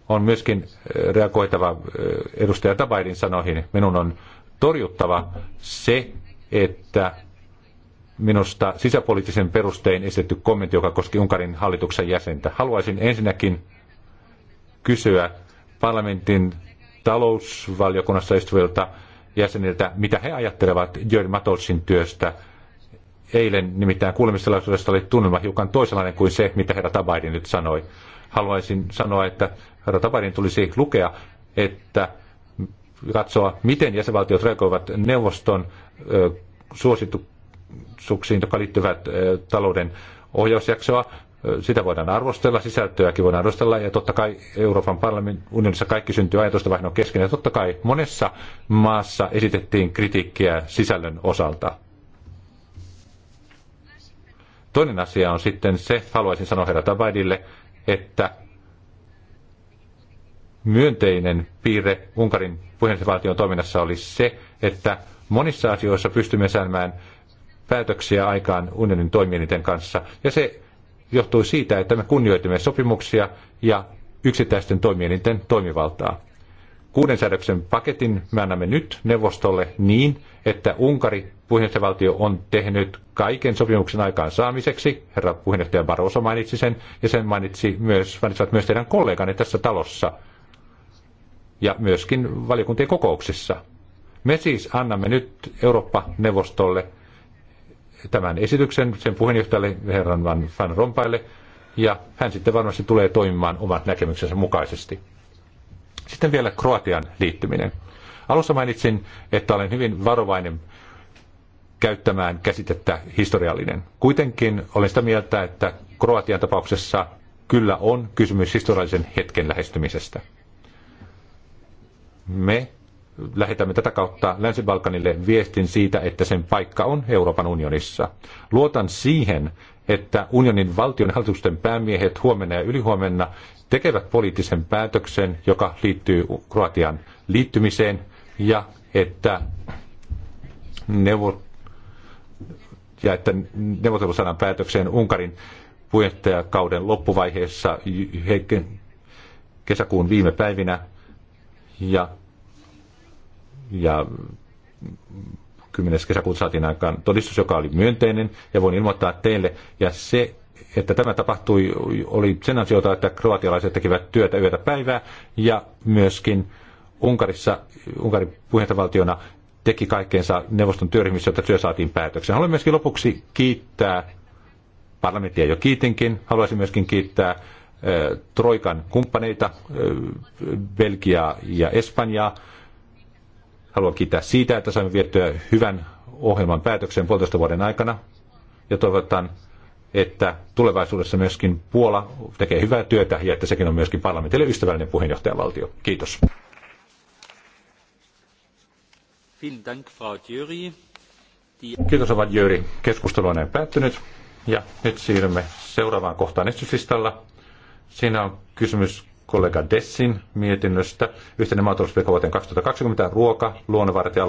on myöskin eh, reagoitava eh, edustaja Tabaidin sanoihin. Minun on torjuttava se, että minusta sisäpoliittisen perustein esitetty kommentti, joka koski Unkarin hallituksen jäsentä. Haluaisin ensinnäkin kysyä parlamentin talousvaliokunnassa istuvilta jäseniltä, mitä he ajattelevat Jörg Matolsin työstä – Eilen nimittäin kuulemistilaisuudessa oli tunnelma hiukan toisenlainen kuin se, mitä herra Tabaidi nyt sanoi. Haluaisin sanoa, että herra Tabaidin tulisi lukea, että katsoa, miten jäsenvaltiot reagoivat neuvoston suosituksiin, jotka liittyvät talouden ohjausjaksoa. Sitä voidaan arvostella, sisältöäkin voidaan arvostella, ja totta kai Euroopan parlamentin unionissa kaikki syntyy vaihdon kesken, ja totta kai monessa maassa esitettiin kritiikkiä sisällön osalta. Toinen asia on sitten se, haluaisin sanoa herra Tabaidille, että myönteinen piirre Unkarin puheenjohtajavaltion toiminnassa oli se, että monissa asioissa pystymme säännämään päätöksiä aikaan unionin toimielinten kanssa. Ja se johtui siitä, että me kunnioitimme sopimuksia ja yksittäisten toimielinten toimivaltaa kuuden säädöksen paketin me annamme nyt neuvostolle niin, että Unkari puheenjohtajavaltio on tehnyt kaiken sopimuksen aikaan saamiseksi. Herra puheenjohtaja Barroso mainitsi sen ja sen mainitsi myös, mainitsivat myös teidän kolleganne tässä talossa ja myöskin valiokuntien kokouksissa. Me siis annamme nyt Eurooppa-neuvostolle tämän esityksen sen puheenjohtajalle herran Van Rompaille ja hän sitten varmasti tulee toimimaan omat näkemyksensä mukaisesti. Sitten vielä Kroatian liittyminen. Alussa mainitsin, että olen hyvin varovainen käyttämään käsitettä historiallinen. Kuitenkin olen sitä mieltä, että Kroatian tapauksessa kyllä on kysymys historiallisen hetken lähestymisestä. Me lähetämme tätä kautta Länsi-Balkanille viestin siitä, että sen paikka on Euroopan unionissa. Luotan siihen, että unionin valtion hallitusten päämiehet huomenna ja ylihuomenna tekevät poliittisen päätöksen, joka liittyy Kroatian liittymiseen, ja että, neuvot, ja että neuvottelu saadaan päätökseen Unkarin puheenjohtajakauden loppuvaiheessa kesäkuun viime päivinä, ja, ja 10. kesäkuuta saatiin aikaan todistus, joka oli myönteinen, ja voin ilmoittaa teille, ja se että tämä tapahtui oli sen ansiota, että kroatialaiset tekivät työtä yötä päivää ja myöskin Unkarissa, Unkarin puheenjohtajavaltiona teki kaikkeensa neuvoston työryhmissä, jotta työ saatiin päätökseen. Haluan myöskin lopuksi kiittää, parlamenttia jo kiitinkin, haluaisin myöskin kiittää Troikan kumppaneita, Belgiaa ja Espanjaa. Haluan kiittää siitä, että saimme viettyä hyvän ohjelman päätöksen puolitoista vuoden aikana. Ja toivotan että tulevaisuudessa myöskin Puola tekee hyvää työtä ja että sekin on myöskin parlamentille ystävällinen puheenjohtajavaltio. Kiitos. Kiitos ovat Jöri. Keskustelu on näin päättynyt. Ja nyt siirrymme seuraavaan kohtaan esityslistalla. Siinä on kysymys kollega Dessin mietinnöstä. Yhteinen maatalouspolitiikka vuoteen 2020 ruoka, luonnonvarat ja